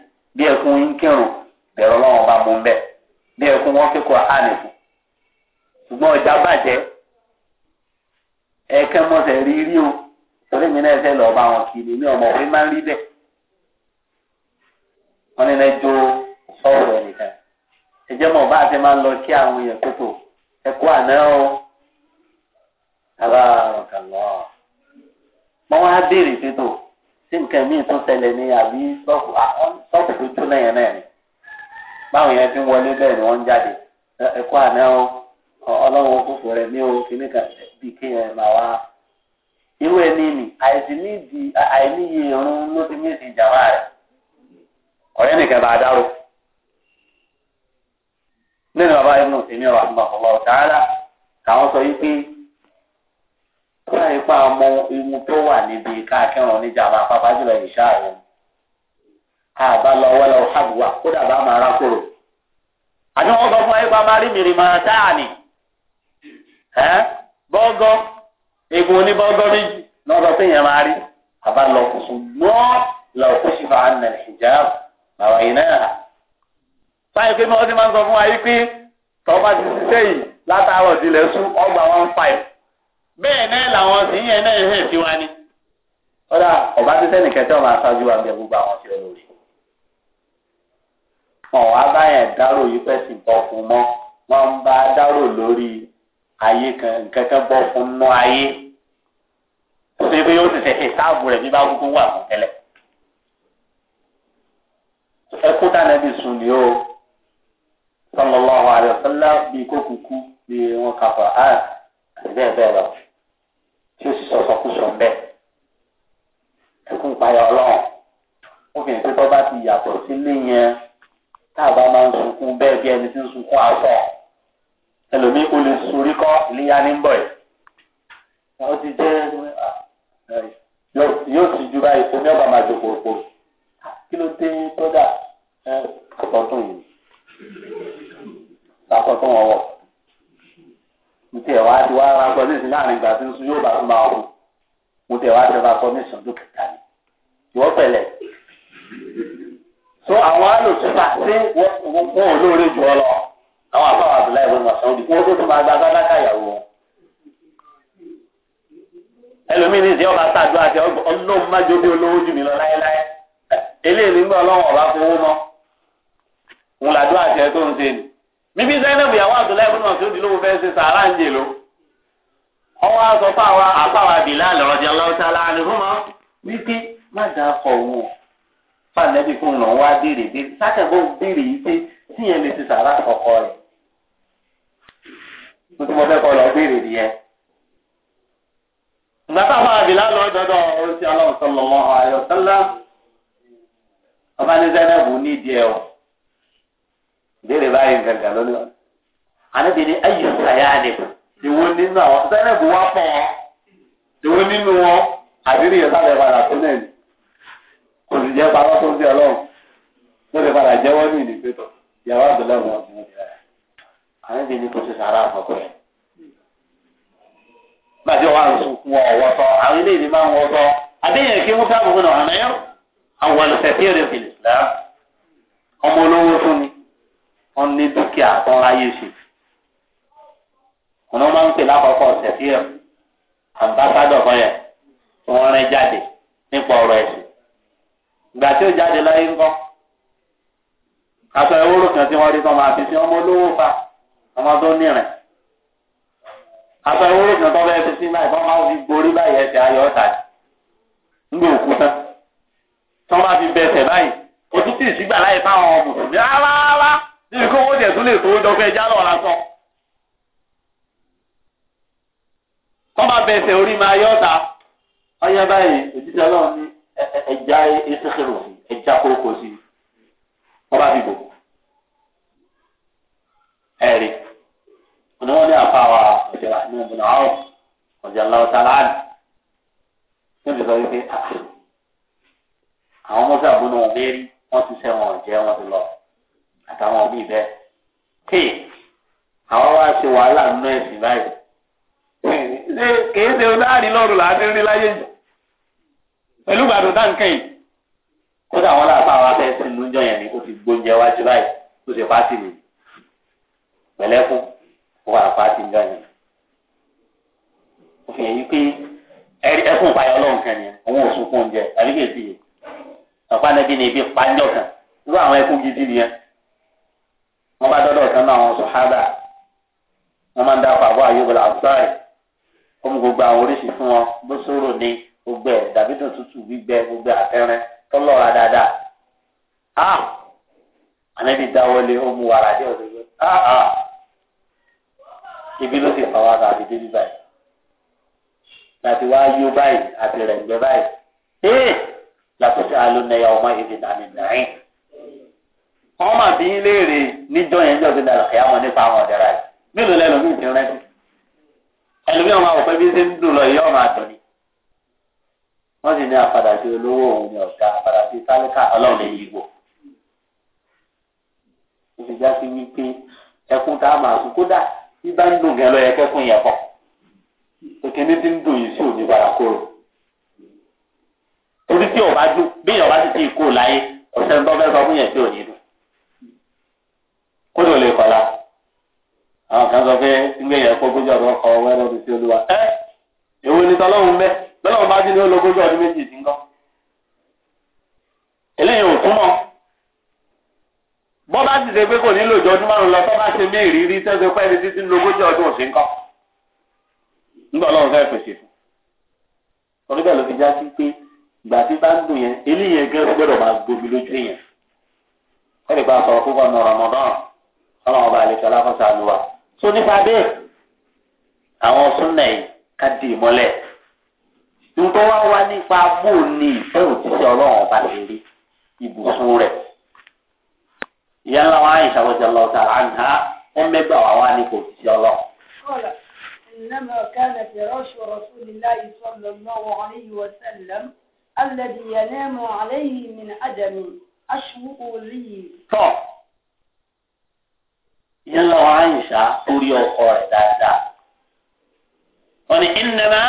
bí ẹkún ń kírun bẹ̀rù ọlọ́run bá mú bẹ́ẹ̀ bí ẹkún wọn kíkọ àánì fún ṣùgbọ́n ọjà bàjẹ́ ẹ̀ẹ́kẹ́ mọ́sẹ̀ rí rí o torí mi náà ẹsẹ̀ lọ́ọ́ bá wọn kiri ní ọmọ òfin máa ń rí bẹ́ẹ̀ wọ́n ní lẹ́jọ́ sọ́ọ̀rọ̀ ẹnìkan ẹ̀jẹ̀ mọ̀ bá a ti máa ń lọ kí àwọn èèyàn kótó ẹ̀kọ́ àná o àbá ọ̀kà lọ́ọ̀ mọ́ wá béèrè tètò. tí nke míì tún ṣẹlẹ̀ ní àbí sọ́ọ̀fù sọ́ọ̀fù tó jóná yẹn náà ni báwọn yẹn ń wọlé bẹ́ẹ̀ ni wọ́n ń jáde ẹ̀kọ́ àná ọlọ́run o kìíní kan bí kéèyàn máa wá irú ẹni nì àìníye irun ló ti ìjàmbá ọ̀rẹ́ nìkan bá a dárò nínú bàbá ọ̀rọ̀ ọ̀tá sọ fúnra yìí pa àmọ ewu tó wà níbi káàkiri níjàmbá pápá jùlọ ìṣá rẹ àbá lọ bá máa rákòrò àti wọn sọ fún ẹ máa rí mìrìmà táàní yẹn máa rí àbá lọ kùsùn mọ lọ kùsùn bàbá yìí náà báyìí pé ní wọn máa ń sọ fún wa yìí pé tọ́ bá ti bẹ́ẹ̀ náà làwọn sì ń yẹn náà hẹ̀ sí wa ni. ọ̀dà ọ̀bá tẹ́tẹ́ nìkan tí wọ́n máa ṣáájú wa bẹ gbogbo àwọn tí ó lórí. wọn wá báyẹn dárò yìí fẹ́ sì bọ́ fún mọ́ wọ́n ń bá dárò lórí ayé kan nǹkan kan bọ́ fún ná ayé. ṣé yóò ti ṣe ìsáàbù rẹ̀ bí bá gbogbo wà fún tẹ́lẹ̀. ẹ kó dáná bí sùn ni o sallallahu alaihi wasallam bí kókùkù bí wọn kà fà á àti bẹ́ẹ̀ bẹ́ẹ̀ lọ tí ó sì sọ sọkúsọ ń bẹ ẹkún payọ Ọlọ́run obìnrin pé bọba ti yàtọ̀ sílé yẹn tá a bá máa ń sunkún bẹ́ẹ̀ bí ẹni tí ń sunkún aṣọ ẹlòmíín kò lè sorí kọ ìléyà ní bọ ẹ wọn ti jẹ ah, eh, yóò sì ju báyìí omi ọba máa jò pòròpò ah, kí ló dé tọ́jà ẹ eh, àtọ̀tún yìí àtọ̀tún wọn wọ̀ mo tẹ̀ wá ti wá ara sọ nísìnyí láàrin ìgbà tí ń sun yóò bá tún bá fún mo tẹ̀ wá ti ra sọ ní ìsọdún kẹta ni ìwọ pẹ̀lẹ́ so àwọn alòsùnfà ṣé wọn ò lóore jù ọ lọ àwọn àbáwọ àbúláyé wọn wà sọ́ọ́ di wọn tó tún máa gba sádákà ìyàwó wọn ẹlòmíín ní ìdí ọba sáájú àti ọlọ́run má jó bí olówó jù mí lọ láéláé eléyìí nígbà ọlọ́run ọba fowó mọ́ òun làdó àti ẹ tó ń ṣe nù níbi Zainab yàwó àdúlá ibùdó náà tó di lówó fẹ́ẹ́ ṣe sàárà ń jè ló ọwọ́ aṣọ fáwa àfáwa Bilal radiyallahu ta'ala anhu wípé má dáa kọ̀ wọ́n fàlẹ́bí fún un wá béèrè béèrè sákẹ́gbọ́ béèrè yìí pé tíyẹn lè ṣe sàárà kọ̀kọ́ rẹ̀ mo ti mọ fẹ́ kọ́ lọ béèrè nìyẹn. ìgbà táwọn àbílá lọ dọdọ oṣù aláwọ̀ sọlọ́mọ ayọ̀ sọlá ọba ní Zainab ní ìdí ẹ̀ o ìbéèrè báyìí gàgà lónìí wọn. àníbi ni ayé sàyà ni ìwo nínú àwọn sẹ́nẹ̀bù wá pọ̀ ọ́ ìwo nínú wọn àdírí yẹn sábẹ̀ padà tó náà ni kò sì jẹ́ parọ́ tó ń bí ọlọ́run ló lè padà jẹ́wọ́ ní ìdí pẹ́tọ̀ ìyàwó àbẹ̀lẹ̀ wọn ti wọ́n ti rẹ̀. àníbi ni kò sì sàrà àkọ́kọ́ rẹ̀. bàjẹ́ wà ń sunkún ọ̀wọ́ sọ àwọn ilé ìdí máa ń wọ́ sọ àdéhùn kí musa bùkún náà hàn náà àwọn olùfẹ́ fíìrì fìlì ọmọ olówó fún mi wọ́n ní dúkìá tó ráyè ṣe wọn máa ń pè lákọ̀ọ́kọ́ ọ̀sẹ̀ sí ẹ̀ àmbásádọ̀ kan yẹn tí wọ́n rẹ́ jáde nípa ọ̀rọ̀ ẹ̀sìn ìgbà tí ó jáde láyé ńkọ́ aṣọ ewúro kan tí wọ́n rí tán máa fi sí ọmọ olówó fa ọmọ tó nírìn aṣọ ewúro kan tó fẹ́ fi sí báyìí wọ́n máa fi borí báyìí ẹsẹ̀ ayọ̀ ọ̀tà ńgbè òkú tán tí wọ́n bá fi bẹ̀ẹ̀sẹ̀ báyìí ojú tí ì níbi kó wọ́n tẹ̀sùn lè fowó dọ́fẹ́ ẹja lọ́wọ́ la sọ. tọ́ba bẹ̀sẹ̀ orí máa yọ ọ̀tá ọyẹ báyìí òjijì ọlọ́run ní ẹja ẹsẹ̀kẹ̀rọ̀ sí ẹja kókó sí ọba bìbò ẹ̀rí ọ̀nà wọn ní àfàwà ọ̀jọ̀ àti ọ̀bùnà àwọn ọ̀jọ̀ ńlá ọ̀tá láàdì níbi sọ wípé ah, àwọn mọ́tò àbúrò wọn mẹ́rin wọ́n ti sẹ́wọ̀n ọ̀jẹ́ wọn ti lọ. àtàwọn òbí bẹ́ẹ̀ tíì àwọn wá ṣe wàhálà nínú ẹ̀sìn báyìí ṣé kìí ṣe láàrin láti rí láyé jù pẹ̀lú gbàdùn dáǹkẹ́ yìí ó dà wọ́n láàbá àwọn afẹ́sẹ̀ lóúnjọ yẹn ni ó ti gbóúnjẹ wájú báyìí ó ṣe pàtì mi pẹ̀lẹ́kùn ó wà pàtì yẹn òfin pé ẹkún kan ni òun oúnjẹ àbí nẹbí ni ibi kan irú àwọn ẹkún gidi nìyẹn. wọn bá dọdọ ọtán náà àwọn sọhábà wọn máa ń dáko àbọ àyùbọ làbúrárì wọn gbogbo àwọn oríṣi fún wọn bó sóró ni gbogbo ẹ dàbí tó tútù gbígbẹ gbogbo àtẹrẹ tó lọra dáadáa a ànábi dáwọlé ó mu wàrà dé ọdún yìí a a ibi ló ti fà wá kà àti débi báyìí láti wá yó báyìí àti rẹ̀ ń gbẹ báyìí ee làkúṣe alónẹyà ọmọ ìdìnnà nìyẹn wọ́n máa bí léèrè níjọ́ yẹn jọ́ sí dàrọ̀ ẹ̀yà wọn nípa àwọn ọ̀dẹ́rà yìí mélòó lẹ́nu mi ti rẹ́ ẹlòmíì ọmọ àwòkọ́ bí ṣe ń dùn lọ ìyá ọmọ àtọ̀ ni wọ́n sì ní àpadà sí olówó òun ní ọ̀gá àpadà sí tálíkà ọlọ́run lè yí wò ó sì já sí wípé ẹkún tá a máa kú kódà bí bá ń dùn gan lọ yẹ kẹ́kún yẹn pọ̀ òkèlè ti ń dùn yìí sí òní padà kóró torí tí ọba dùn bí ọba ti ti kó láyé ọ̀sẹ̀ ń kódò lè kọ́lá àwọn kan sọ pé ilé yẹn kó gbójú ọdún ọkọ ọwọ́ ẹlọ́dún sí olúwa ẹ èwo ni tọ́lọ́run bẹ́ lọ́lọ́run bá dín ní ológójú ọdún méjì sí nǹkan eléyìí ò túmọ̀ bọ́ bá ti ṣe pé kò nílò ìjọ ọdún márùn lọ bá ṣe ìrírí pẹ́ ní títí ọdún nígbà ọlọ́run fẹ́ pèsè fún ló fi já sí pé ìgbà tí bá ń dùn yẹn eléyìí yẹn gẹ́gẹ́ gbọ́dọ̀ máa lójú yẹn ọlọ́run ọba àlejò aláfọ́sà ló wa tó nípa bẹ́ẹ̀ àwọn súnà yìí ká di ìmọ́lẹ̀ nǹkan wá wá nípa bó ni ìfẹ́ òtítọ́ ọlọ́run ọba lè rí ibùsùn rẹ̀ ìyá ńlá wa àyìnṣà wọ́n jẹ́ lọ́wọ́ sára àná wọ́n mẹ́gbà wá wá nípa òtítọ́ ọlọ́run. إنما كان فراش رسول الله صلى الله عليه وسلم الذي ينام عليه من عدم أشوق لي ìyẹn lọ́wọ́ àyìnṣá orí ọkọ rẹ̀ dáadáa. wọ́n ní ìnana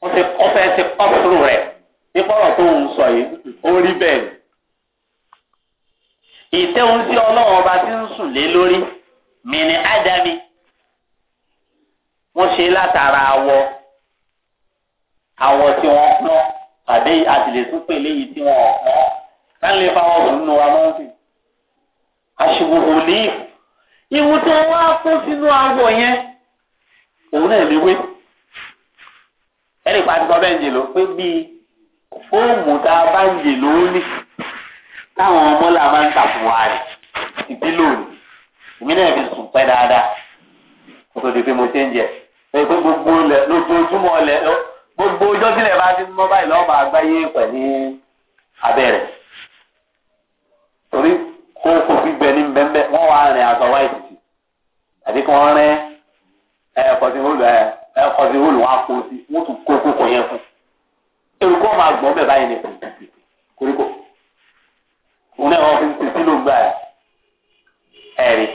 wọ́n ti ọ̀fẹ́ ti kọ́sùrù rẹ̀ nípa ọ̀rọ̀ tó ń sọ yìí ó rí bẹ́ẹ̀. ìtẹ́hun sí ọlọ́run ọba tí ń sùn lé lórí mi ni ádámi wọ́n ṣe látara awọ awọ tí wọ́n pọ́n àbí àtìlẹ́sùn pèlè yìí tí wọ́n pọ́n ká lè fa ọ̀sùn nù wa mọ́sìn aṣèwòrò lẹ́yìn ìwù tó wá kó sínú awọ yẹn òun náà léwé ẹnì pàtó bẹ́ẹ̀ ń jè ló pé bíi fóòmù tá a bá ń jè lónìí táwọn ọmọ là máa ń tàkùn wá rẹ̀ ìbílò ni èmi náà fi sùn pẹ́ dáadáa kó tó di pé mo ṣe ń jẹ ẹ pé gbogbo lójoojúmọ́ lẹ gbogbo ọjọ́ sílẹ̀ bá ti mọ́ báyìí lọ́ọ́ máa gbáyé pẹ̀lú abẹ́rẹ́ torí kókò gbígbẹ ní bẹ́ẹ̀ wọ́n wá rìn aṣọ wáìtì sí àbí kí wọ́n rìn ẹ̀ẹ́kọ̀sí wọ́ọ̀lù ẹ̀ẹ́kọ̀sí wọ́ọ̀lù wọn á kó sí wọ́n tún kó kókò yẹn fún eruku ọmọ àgbọ̀n bẹ̀ báyìí ní koríko òun náà wọ́n fi ń ti sínú gbà ẹ̀rí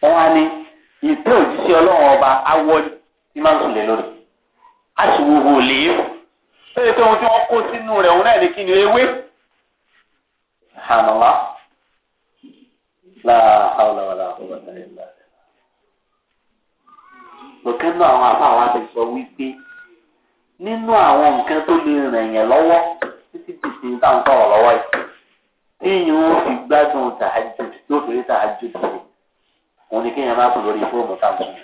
wọ́n wá ní ìpè òjíṣẹ́ ọlọ́run ọba awọ tí máa ń sùn lé lórí aṣèwòwò lè é ṣé ètò ohun tí wọ́n kó sínú rẹ̀ òun náà ní kí ni ewé. لا حول ولا قوة illa lọ́kàn náà àwọn àbá wa ti sọ wípé nínú àwọn nǹkan tó lè ràn yẹn lọ́wọ́ títí títí táwọn sọ̀rọ̀ lọ́wọ́ yìí téèyàn ó fi gbádùn tàájú yóò fi rí tàájú dìde òun ni kéèyàn máa kú lórí fóònù táwọn yìí.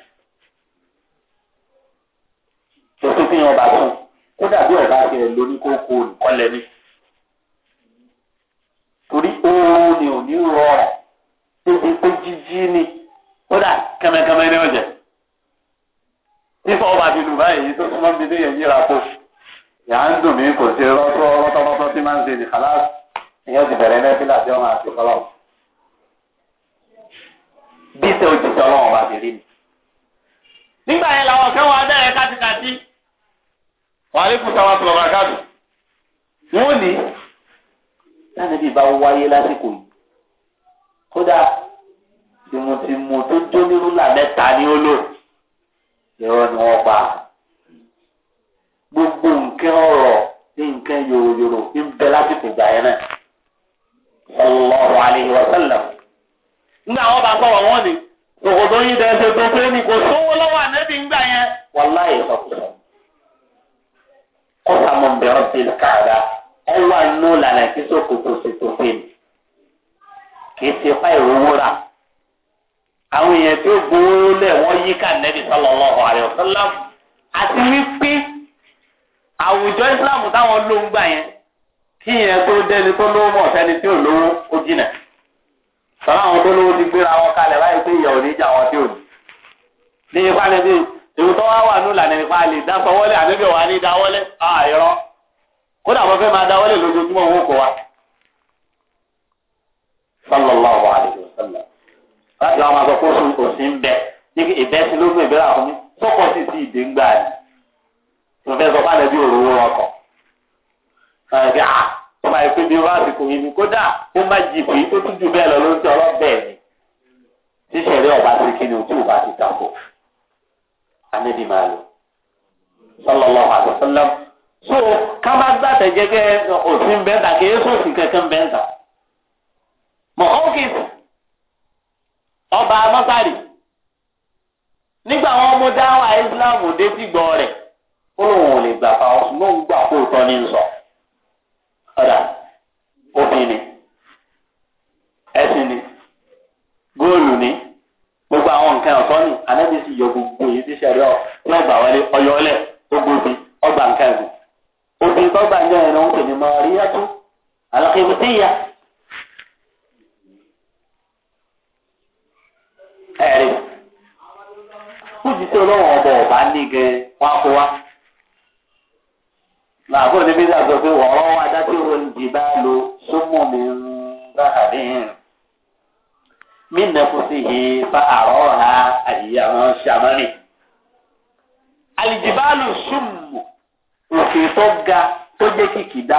tó tó kéèyàn bá tún kó dàbí ọ̀rẹ́ ti rẹ̀ lórí kókó olùkọ́lẹ̀ ni torí oorun ni ò ní rọrùn débi pé jíjí ni kódà kẹmẹkẹmẹ ni ó jẹ fífọ ọba fi lù báyìí tó tó máa ń bi dé yẹn yíra kó yàrá ń dùn mí kò ṣe rọtọ rọtọ rọtọ tí máa ń ṣe ní kàlá ìyẹn ti bẹ̀rẹ̀ nẹfìlà tí wọn máa ṣe fọlọ bí sẹ òjijì Ọlọ́run ọba ti rí mi. nígbà yẹn làwọn kan wà bẹ̀rẹ̀ kátikáti wàhálẹ́kùn táwọn tó lọ́ọ́ bá káàdùn. wọ́n ní láti bí ìbáwọ́ wáyé lásìkò yìí. kódà tìmùtìmù tó jó ní rúlà mẹ́ta ni ó lò gbogbo nǹkan ọ̀rọ̀ ní nǹkan yòròyòrò ń bẹ lásìkò ìgbà yẹn náà sallallahu alayhi wa nígbà wọn bá sọ̀rọ̀ wọn ni òkòtò yín tẹ tó pé ní kò sówó lọ́wọ́ ànẹ́bí ń gbà yẹn. kọ́sàmù sí káàdà kì í ṣe pa ìrówó rà àwọn èèyàn tó gbowó lẹ̀ wọ́n yí ká nẹ́bí sallallahu alaihi wasallam àti wípé àwùjọ islam táwọn ló ń gbà yẹn kí yẹn tó dẹni tó lówó mọ̀ sẹ́ni tí ò lówó ó jìnà sọ́nà àwọn tó lówó ti gbéra wọn kalẹ̀ báyìí pé ìyàwó ní ìjà wọn tí ò ní. ní ipa ní bíi èyí tó wá wà nílà ní ipa lè dá sọ wọlé àníbẹ̀ wà ní dáwọ́lé àìrọ́ ah, kódà wọ́n fẹ́ máa dáwọ́lé lójoojúmọ́ owó kọ wa sallallahu alayhi wa sallam láti àwọn àgbàkó sùn kò sí ń bẹ níbi ìbẹ́sí ló gbé ìbẹ́rẹ́ àfọ́mí sọ́kọ̀ sí ti ìdè ń gbà ní ìfẹ́ sọ fáwọn ẹbí òróró ọkọ̀ ẹ̀ẹ́dì à ah, tó máa fi bí wọ́n àsìkò yìí ni kódà ó má jì pé tó tún jù bẹ́ẹ̀ lọ ló ń tẹ ọlọ́bẹ̀ ni tíṣẹ̀rí ọba ti kí ni òtún ọba ti tako anábì máa lò sallallahu alayhi wa so ká má gbàtẹ̀ jẹ́gẹ́ òsín bẹ́ńtà kì í sọ̀sìn kankan bẹ́ńtà. mohawkins ọba mọ́sárì nígbà wọn mú dáwà islam dé sí gbọ́ rẹ̀ ó lóun ò lè gbà pa ọ̀sùn lóun gbà kó tọ́ ní sọ ọ̀dà òfin ni ẹ̀sìn ni gbogbo àwọn nǹkan ni anábì sì yọ gbogbo wọlé ọgbà nǹkan ń jẹ́ ẹ̀rọ ń pè ẹ̀rí fújìtì ọlọ́wọ́n ọba ọba ní gan wá làbọ̀ níbi dàgbọ́ pé wọ́n rán wá lo mi ń bá hàn mí nà sí hi àrọ́ ha òkè tó ga kìkì dá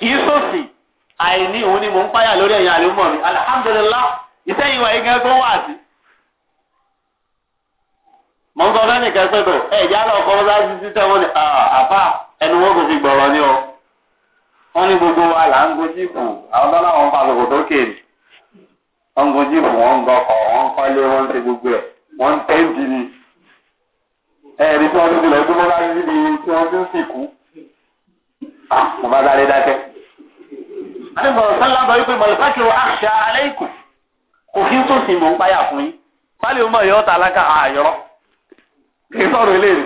isosi í sòsì àìní òun ni mò ń páyà lórí ẹ̀yìn àlùmọ̀ mi alhamdulillah ìsẹ́yìn wa igi ẹgbẹ́ wà sí. mo ń sọ fẹ́ nìkan pé tó ẹ̀ ìyá lọ kọ́ sí ni ah, ẹnu wọn kò ní gbogbo wa là ń àwọn tó tó kéèrè wọ́n ń gbogbo ẹ̀ wọ́n ń ni ẹ̀ẹ́dì tí wọ́n ti Ah, mo bá sáré dákẹ́. àdìgbò sálá sọ wípé mọ̀lẹ́fàkìrò àṣà alẹ́ ìkù kò kí n tó sì mọ̀ ń páyà fún yín pálí o mọ̀ yọ ọ́ta alága àyọ̀rọ̀ kì í sọ̀rọ̀ eléyìí.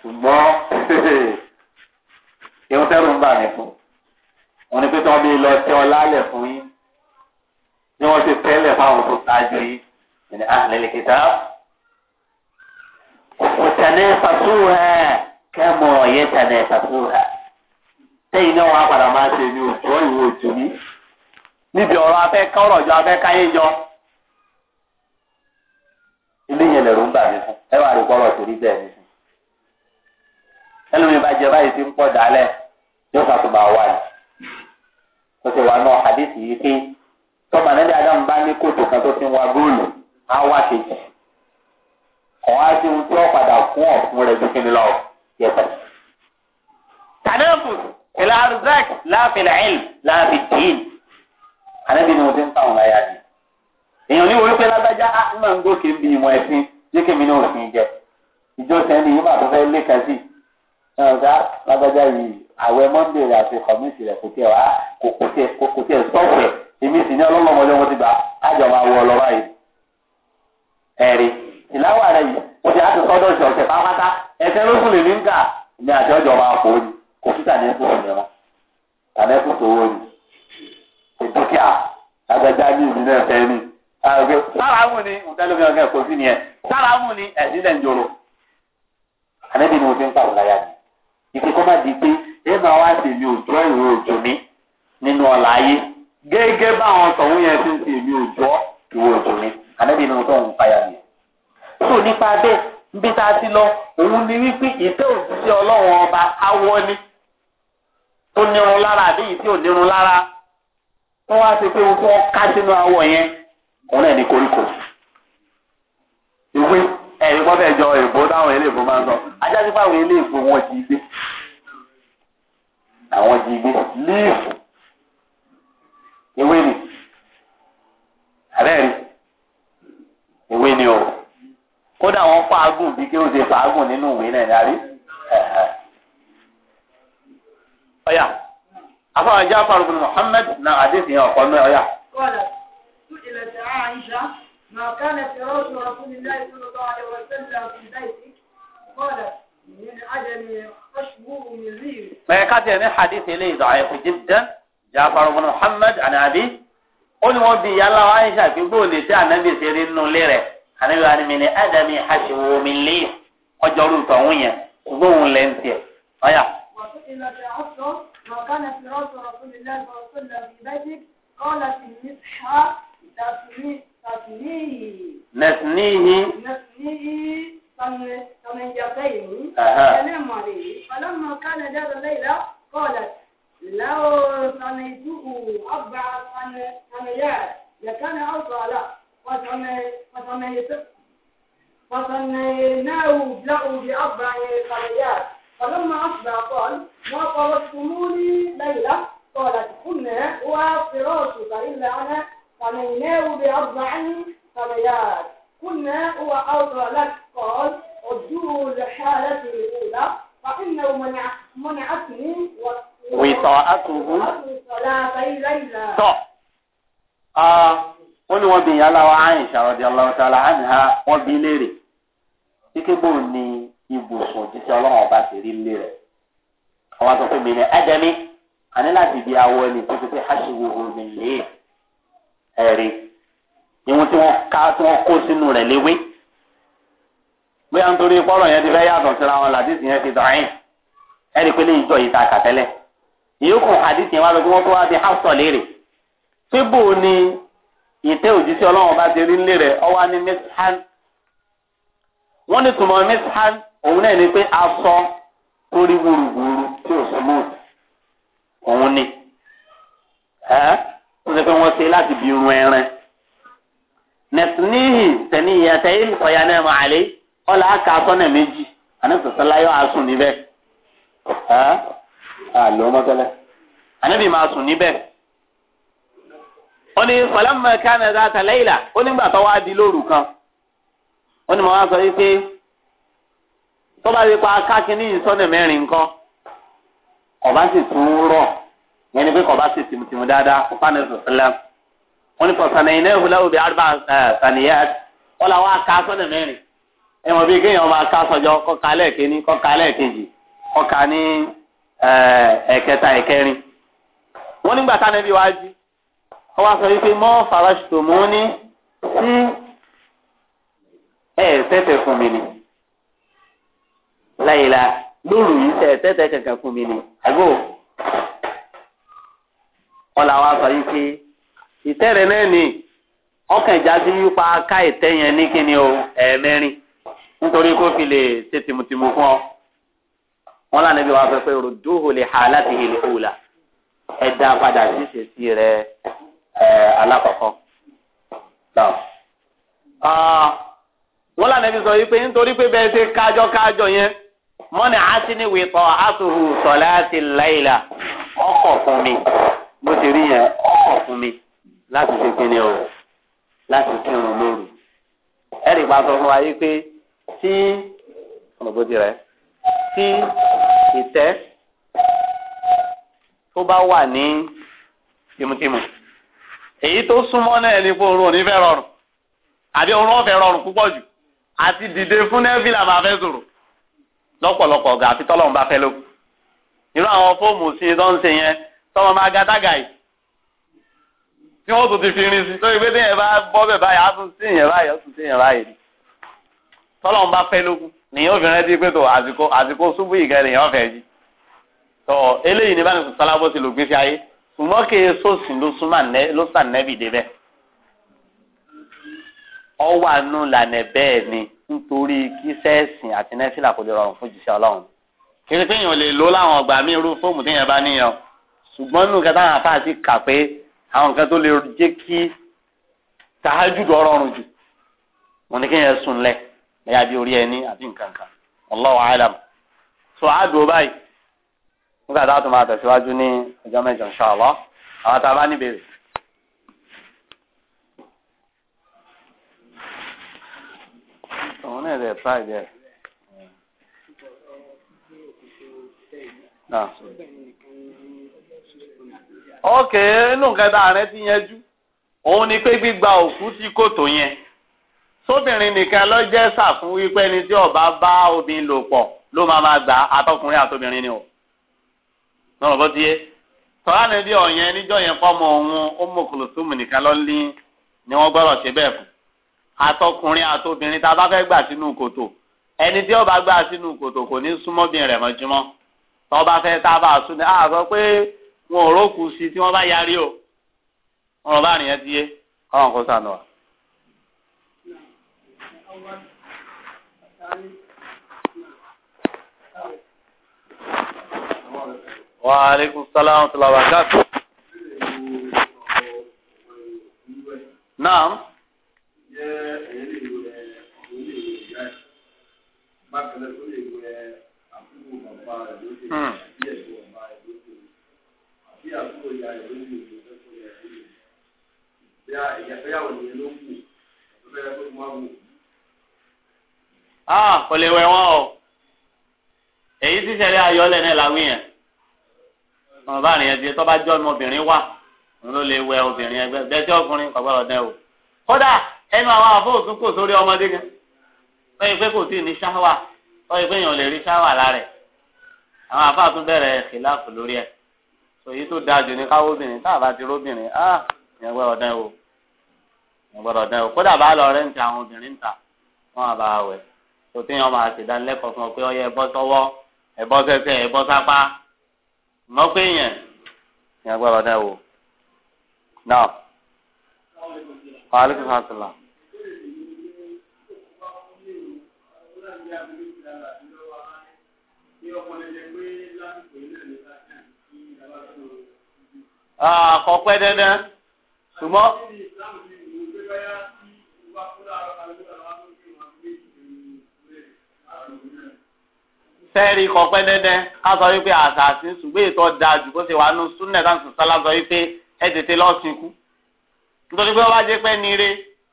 ṣùgbọ́n <laughs> ìhun tẹ́rù ń bà mí fún wọn ni pé tí wọ́n bí lọ tẹ́ ọ lálẹ̀ fún yín ni wọ́n ti tẹ́lẹ̀ fáwọn tó ṣáájú yìí ìní àlẹ́ lè kíta. òkùnkùn tẹ̀lé kẹ́mọ̀ yẹ́tẹ̀nà ẹ̀sàkúrà sẹ́yìn náà wàá padà máa ṣe ní òṣùwọ́ ìwò òtúní níbi ọ̀rọ̀ afẹ́ jọ afẹ́ káyé jọ. ilé yẹn lẹ̀rù ń bà mí fún ẹ wàá rí kọ́rọ̀ tó rí bẹ́ẹ̀ bá jẹ báyìí ti ń yóò wà ní. náà yìí pé tọ́mà wa góòlù á wá kejì. ọ̀hún á ti ń yẹpẹ. tànàfù ìlà arzak láàfin ẹ̀ẹ́l láàfin dìín. ànábì ni mo ti ń tàwọn láyà ni. èèyàn ní orí pé lágbájá á ń máa ń gòkè bí ìmọ̀ ẹ̀sìn jẹ́ kémi ní òfin jẹ. ìjọ sẹ́ni yìí máa tó fẹ́ lé o àti sọdọ ọjà ọjà pátápátá ẹsẹ ló fún lèmi ń gà ní ọba àpò ni kò sí tàní ẹkú fún yẹn tàní ẹkú tó ni ìdúkìá agbẹjà ní ìlú náà fẹ ni. sára ni ìtẹ́lómi ọ̀gá ẹ̀kọ́ sí nìyẹn sára ni ni mo fi ń ni kọ́ di pé ẹ máa wá sí mi nípa bẹ́ẹ̀ níbi tá a ti lọ òun ni wípé ìfẹ́ òṣìṣẹ́ ọlọ́run ọba awọ ni ó nírun lára àbí ìfẹ́ ò lára wọ́n wá ṣe pé wọ́n ká sínú awọ yẹn òun náà ní koríko ìwé ẹ̀rí kọ́ fẹ́ jọ èbó táwọn eléèbó máa ń sọ ajá sí fáwọn wọn ti gbé àwọn ti gbé líìfù kódà wọn fàágùn bí kí ó ṣe fàágùn nínú ìwé náà ní àrí. ọ̀yà afọwọ́n ajá farukun Muhammad na àdéhùn yẹn ọ̀pọ̀ náà ọ̀yà. kọ́lá tó ilẹ̀ tí a àyíṣà máa ká lè fẹ́ràn oṣù ọ̀fun ilé ìfúnnú bá wà lọ́wọ́ sẹ́ńtà ìdá ìsí kọ́lá ìyẹn ajẹ́ni ọ̀ṣùwòrò mi rí. bẹ́ẹ̀ ká tiẹ̀ ní hadith ilé ìdọ̀ àyẹ̀kù jiddan Ja'far ibn Muhammad àná àbí ó ní wọ́n bí ìyá aláwọ̀ àyíṣà gbígbó ànábi wa ni mi ni ádámì aṣèwò mi lé ọjọ́ orí ìtọ̀ òun yẹn gbóhùn lẹ́ ń tiẹ̀ ọ̀yà. نثنيه نثنيه ثمانيتين كلام عليه فلما كان ذات ليلة قالت لو ثنيته أربع ثنيات لكان أرضى له وثنيناه له بأربع قريات فلما أصبح قال ما طردتموني ليلة قالت كنا وفراشك إلا أنا ثنيناه بأربع قريات كنا وأرضى لك قال ارجوه لحالتي الأولى فإنه منع منعتني وطاعته صلاتي ليلة. wọ́n ní wa bí ìyá aláwa Aisha radiyallahu ta'ala anha wọ́n bí léèrè kíkẹ́ bò ní ibùsùn jíjẹ́ ọlọ́run ọba ti rí àwọn àtọ́kù mi ní ẹ̀dẹ́mí àní láti di awọ ẹni tó ti pé aṣèwò omi lè ẹ̀rí ìwọ̀n tí ká tí kó sínú léwé bóyá nítorí yẹn ti fẹ́ yàtọ̀ síra wọn làdísì yẹn ti dọ̀rin ẹ̀rí pé léyìí jọ yìí ta ìyókù yẹn lọ kí tó wá di léèrè ìtẹ́ òjíṣẹ́ ọlọ́run bá ti rí nílé rẹ̀ ọwá ní mishan wọ́n ní tùmọ̀ mishan òun náà ni pé aṣọ tó rí wúruwúru tí ò smooth òun ni ẹ́ tó ṣe pé wọ́n ṣe láti bí irun ẹran nẹ̀tìníhì tẹ̀ní ìyàtẹ̀ yìí ọ̀yà náà mà àlẹ́ ọ̀là àkà aṣọ náà méjì ànẹ́sọ̀sọ́ láyọ̀ àsùn níbẹ̀ ẹ́ àlọ́ mọ́tẹ́lẹ̀ ànẹ́bì máa sùn níbẹ̀. ó ní falamma kana zata layla ó nígbà tó wá di lóru kan ó ní mo wá sọ yìí pé tó bá rí pa kákínní ìsọ̀nà mẹ́rin nǹkan kọ̀bá sì tún rọ̀ yẹn ni pé kọ̀bá sì tìmùtìmù dáadáa kó fáànù sọ̀sẹ̀lẹ̀ wọ́n ní pọ̀sánà iná ìhùlẹ̀ òbí sàníyà là wá ká mẹ́rin ẹ mọ̀ bí kéèyàn máa ká sọjọ́ lẹ́ẹ̀kejì ní ẹ̀kẹta ẹ̀kẹrin wọ́n nígbà ọwọ́ sọ wípé mọ́ farasitomu ní tí ẹ tẹ́tẹ̀ fún mi ni láyìlá lóru yìí tẹ́ tẹ́tẹ̀ kankan fún mi ni àgbo ọ̀là wa sọ wípé ìtẹ́rẹ̀ náà ni ọkàn ìjáde yípa ká ìtẹ́ yẹn ní kíni o ẹ̀ẹ̀mẹ́rin nítorí kó fi lè ṣe tìmùtìmù fún ọ wọn lànà bí wàá fẹ́ pé ròdúhò lè ha láti hìlì hùlà ẹ dá padà sí ìṣesí rẹ Eh, alákọ̀ọ́kọ́. Ah, wọ́n lànà ibi sọ wípé nítorí pé bẹ́ẹ̀ ṣe kájọ́ kájọ́ yẹn mọ́ni àtìní wípọ̀ àtòhù sọ̀lá àti láìlà ọkọ̀ fún mi bó ti rí yẹn ọkọ̀ fún mi láti ṣe kíni o láti kírun lóru. ẹ̀rì pa sọ fún wa yìí pé tí ọ̀nà bó tí ìtẹ́ tó bá wà ní tìmùtìmù èyí tó súnmọ́ náà ni pé oorun ò ní fẹ́ rọrùn àbí oorun ọ̀fẹ́ rọrùn púpọ̀ jù àti dìde fún nẹ́fìlà máa fẹ́ sòrò lọ́pọ̀lọpọ̀ ọ̀gá àfi tọ́lọ́run bá fẹ́ lókun irú àwọn fóòmù sí i tó ń ṣe yẹn tọ́mọ máa ga dága tí wọ́n tún ti fi rin sí lórí pé téèyàn bá bọ́ bẹ̀ báyìí á sí yẹn báyìí á sí yẹn báyìí ni tọ́lọ́run bá fẹ́ lókun nìyẹn obìnrin rẹ ti pé tó àsìkò àsìkò ṣubú ìgẹ̀rẹ̀ yẹn ọ̀fẹ́ yìí tó eléyìí ní bá ní sọ ṣùgbọ́n kì í sòsìn ló súnmọ́ ló sànẹ́bì débẹ̀ ọwọ́ àánú lànà bẹ́ẹ̀ ni nítorí kí sẹ́ẹ̀sìn àti nẹ́fìlà kò lè rọrùn fún jíṣẹ́ ọlọ́run kì í péyàn lè lò láwọn ọgbà mí irú fóòmù téèyàn bá níyàn ṣùgbọ́n nínú kẹta àwọn afáà ti kà pé àwọn nǹkan tó lè jẹ́ kí tàájú rọrùn jù wọn ni kéèyàn sùn lẹ̀ ẹ̀yà bí orí ẹni àti nǹkan kan Allahu alam so àdùn báyìí nígbà tá a tún máa tẹ̀síwájú ní ọjọ́ mẹ́jọ ṣáàlọ́ àwọn tá a bá níbèrè. òun náà rẹ̀ tíráì bẹ́ẹ̀. ok inú nǹkan tá a rẹ ti yanjú òun ni pé gbígba òkú tí kòtò yẹn sóbìnrin nìkan ló jẹ́ náà bó ti yé tọ́lá ní bí ọ̀yẹn níjọ́ yẹn fọ́mọ òun ó mú nìkan ló ní ni wọ́n gbọ́dọ̀ ṣe bẹ́ẹ̀ fún àtọkùnrin àtobìnrin tá a bá fẹ́ gbà sínú kòtò ẹni tí ó bá gbà sínú kòtò kò ní súnmọ́bìnrin rẹ̀ mọ́júmọ́ tọ́ bá fẹ́ tá a bá sún ní àgọ́ pé wọn ò rókù sí tí wọ́n bá yarí o wọn ò bá rìn yẹn ti yé ọ̀hún kó sànù wa. Thank you. Wa alaikum salaam wa rahmatullahi wa hmm. Ah, kò lè wẹ̀ wọ́n o. Èyí tí sẹ́lẹ̀ ayọ́lẹ̀ náà làwìn yẹn ọmọ bá rìn yẹn ti tọ́ bá jọ́ ọmọbìnrin wà òun ló lè wẹ obìnrin ẹgbẹ́ bẹ́tẹ́ ọkùnrin kò gbọ́dọ̀ dẹ́ o. kódà ẹnu àwọn àfọwọ́sùn kò sórí ọmọdé gan ó yẹ pé kò tí ì ní ṣáwà ó yẹ pé èèyàn lè rí ṣáwà lára ẹ̀ àwọn àfáà tún bẹ̀rẹ̀ ìlàfù lórí ẹ̀ èyí tó dáa jù ní káwọ́ obìnrin tá a bá ti róbìnrin á ah, ìyẹn gbọ́dọ̀ dẹ́ o ìyẹn gbọ́dọ̀ dẹ́ o kódà bá lọ rẹ́ ń ta àwọn obìnrin ta wọ́n á bá a wẹ̀ tó máa ṣèdánilẹ́kọ̀ọ́ fún ọ pé ọ yẹ ẹbọ sọ́wọ́ ẹbọ sẹ́sẹ́ ẹbọ sápá mọ pé yẹn ní agbára náà wò náà wàhálà kìsàn àtìlá. àkọ́pẹ́ dandan ṣùgbọ́n. sẹ́ẹ̀rì kọ̀pẹ́ dẹ́dẹ́ ká sọ wípé àṣà àti ṣùgbọ́n ètò ọ̀dà jù kó ṣe wà nù súnẹ̀ tá à ń sọ wípé ẹ tètè lọ nítorí pé wọ́n jẹ́ pẹ́ ní ire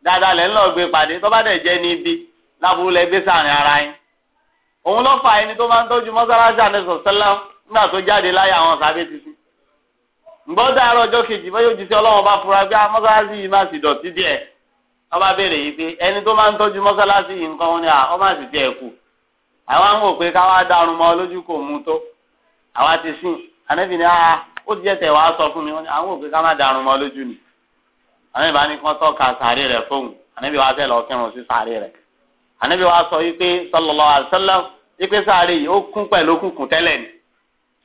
dáadáa lẹ́ lọ gbé pàdé tó bá dẹ̀ jẹ́ ní ibi ara yín. òun ló fa ẹni tó máa ń tọ́jú mọ́sálásí àdéṣọ sẹ́lá nígbà tó jáde láyé àwọn sábẹ́ ti fi. ǹgbọ́ ọjọ́ àwa ń wò pé káwá darun mọ́ lójú kò mú tó àwa ti sìn ànábì ni a ah, ó ti jẹ́tẹ̀ wàá sọ fún mi wọ́n ní àwọn òpè ká má darun mọ́ lójú ni ànábì bá ní kán tọ́ka sàárè rẹ̀ fóun ànábì wàá fẹ́ lọ kírun sí sàárè rẹ̀ ànábì wàá sọ wípé sallallahu alaihi wasallam wípé sàárè yìí ó kún pẹ̀lú kùnkùn tẹ́lẹ̀ ni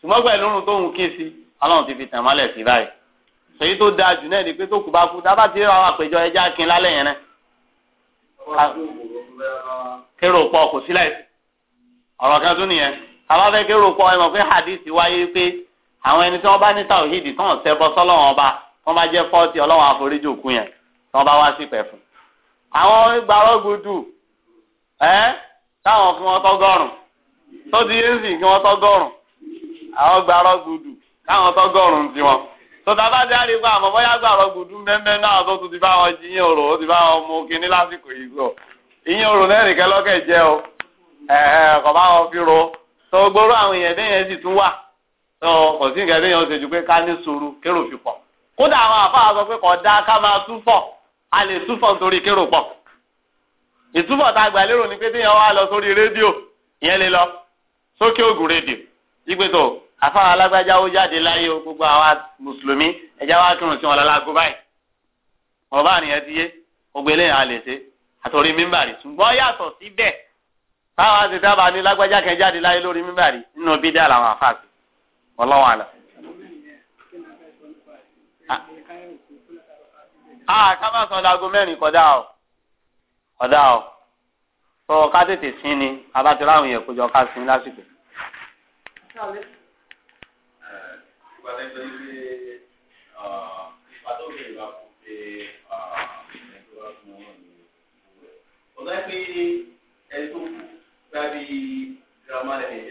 ṣùgbọ́n pẹ̀lú ohun tóun ké sí ọlọ́run ti fi tàn mọ́lẹ̀ sí báyìí èyí tó dáa jù náà ni pé tó kù bá kú dábàá ti rà àpèjọ ẹja kin lálẹ́ yẹn náà kérò pọ̀ kò sí láìsí ọ̀rọ̀ kan tún nìyẹn àwọn fẹ́ kérò pọ̀ ẹ mọ̀ pé hadith wáyé pé àwọn ẹni tí wọ́n bá ní tàwíìdì tí wọ́n sẹ́bọ sọ́lọ́wọ́n ọba wọ́n bá jẹ́ fọ́ọ̀tì ọlọ́wọ́n àforíjì òkú yẹn tí wọ́n bá wá sí pẹ̀fún. àwọn gbàrọ́gùdù ẹ́ táwọn fún wọn tọ́gọ́rùn tó di yéèzì kí wọ́n tọ́gọ́rùn àwọn gbàrọ́gùdù táwọn tọ́gọ́rùn ti wọn. sọ̀tà bá dé àríwá àmọ́ bóyá gbàrọ́gùdù mẹ́mẹ́ náà tó tún ti bá wọn jí yín òrò ó ti bá wọn mú kinní lásìkò yìí kọ̀ wọn fi ro tó gbóró àwọn èèyàn bẹ́ẹ̀ sì tún wà kò sí nǹkan bẹ́ẹ̀ yẹn ju pé ká ní sùúrù kérò fi pọ̀ kódà àwọn àfáà sọ pé kò dá ká máa túfọ̀ a lè túfọ̀ nítorí kérò pọ̀ ìtúfọ̀ tá a gbà lérò ni pé téèyàn wá lọ sórí rédíò ìyẹn lè lọ sókè ògùn rédíò ìgbẹ́tọ̀ àfáà alágbájá ó jáde láyé o gbogbo àwa mùsùlùmí ẹ̀já wa kírun sí wọn lọ́lágó báyìí ọ̀bá nìyẹn ti yé gbogbo eléyàn a lè ṣe àtòrí mímbàrí ṣùgbọ́n yàtọ̀ síbẹ̀ táwọn àti dábàá ní lágbájá kan jáde láyé lórí mímbàrí nínú bídé àlàwọn ọlọ́wọ́n a sọ dago mẹ́rin kọjá o kọjá o sọ ká tètè sin ni abájọ láwọn yẹn kó ká sin lásìkò. ọ̀gá sábì girama rẹ̀ lè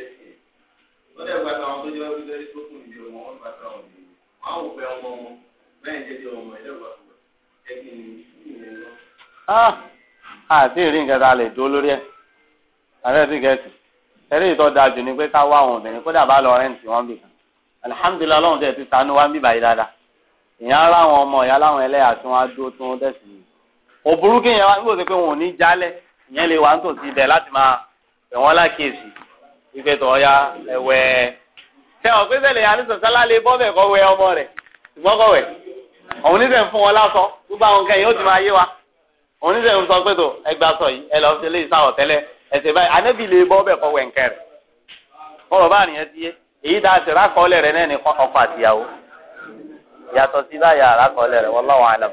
wọ́n dẹ̀ gbàtà àwọn tó jẹ́ wọ́n fi tó kún ìdí ọmọ wọn gbàtà àwọn ìdí wọn àwọn òpè ọmọ wọn bẹ́ẹ̀ jẹ́ di ọmọ ẹ̀dẹ̀ wà fún ẹ kí ni lọ. àti ah, ìrí nǹkan lè dúró lórí ẹ̀ àbẹ́ ti gẹ̀ẹ́sì ẹ̀rí ìtọ́ da jù ni pé ká wá àwọn obìnrin kódà bá lọ rẹ́ǹtì wọn bì kan alihamudulilayi ọlọ́run tẹ̀ ti sanú wá ń bì báyìí dáadáa ìyẹn ara ọmọ ìyá láwọn ẹlẹ́yà tí wọ́n á dúró tí wọ́n dẹ̀sí òburú kéèyàn wá nígbà tó pé wọn ò ní jálẹ̀ ìyẹn lè wà nítòsí ibẹ̀ láti máa ẹ̀wọ̀n lákèsì ìfẹ́ tó ọ̀ya ẹ̀wẹ̀. ṣé ọ̀ pé sẹ́lẹ̀ àdìsàn sálá lè bọ́ bẹ̀ kọ́ wẹ ọmọ rẹ̀ ṣùgbọ́n kọ́ wẹ̀ òun níṣẹ́ ń fún wọn lásọ gbogbo àwọn nǹkan yìí ó ti máa yé wa òun níṣẹ́ ń sọ pé tó ẹgbà sọ yìí ẹ lọ sí ilé ìsáwọ̀ tẹ́lẹ̀ ẹsẹ̀ báyìí anábì lè bọ́ bẹ̀ kọ́ wẹ̀ nǹkan rẹ̀ kọ́rọ̀ bá nìyẹn ti yé èyí dáa sí rákọ́ọ́lẹ̀ rẹ̀ náà ní ọkọ àtìyàwó yàtọ̀ sí báyà rákọ́ọ́lẹ̀ rẹ̀ wallahu alam.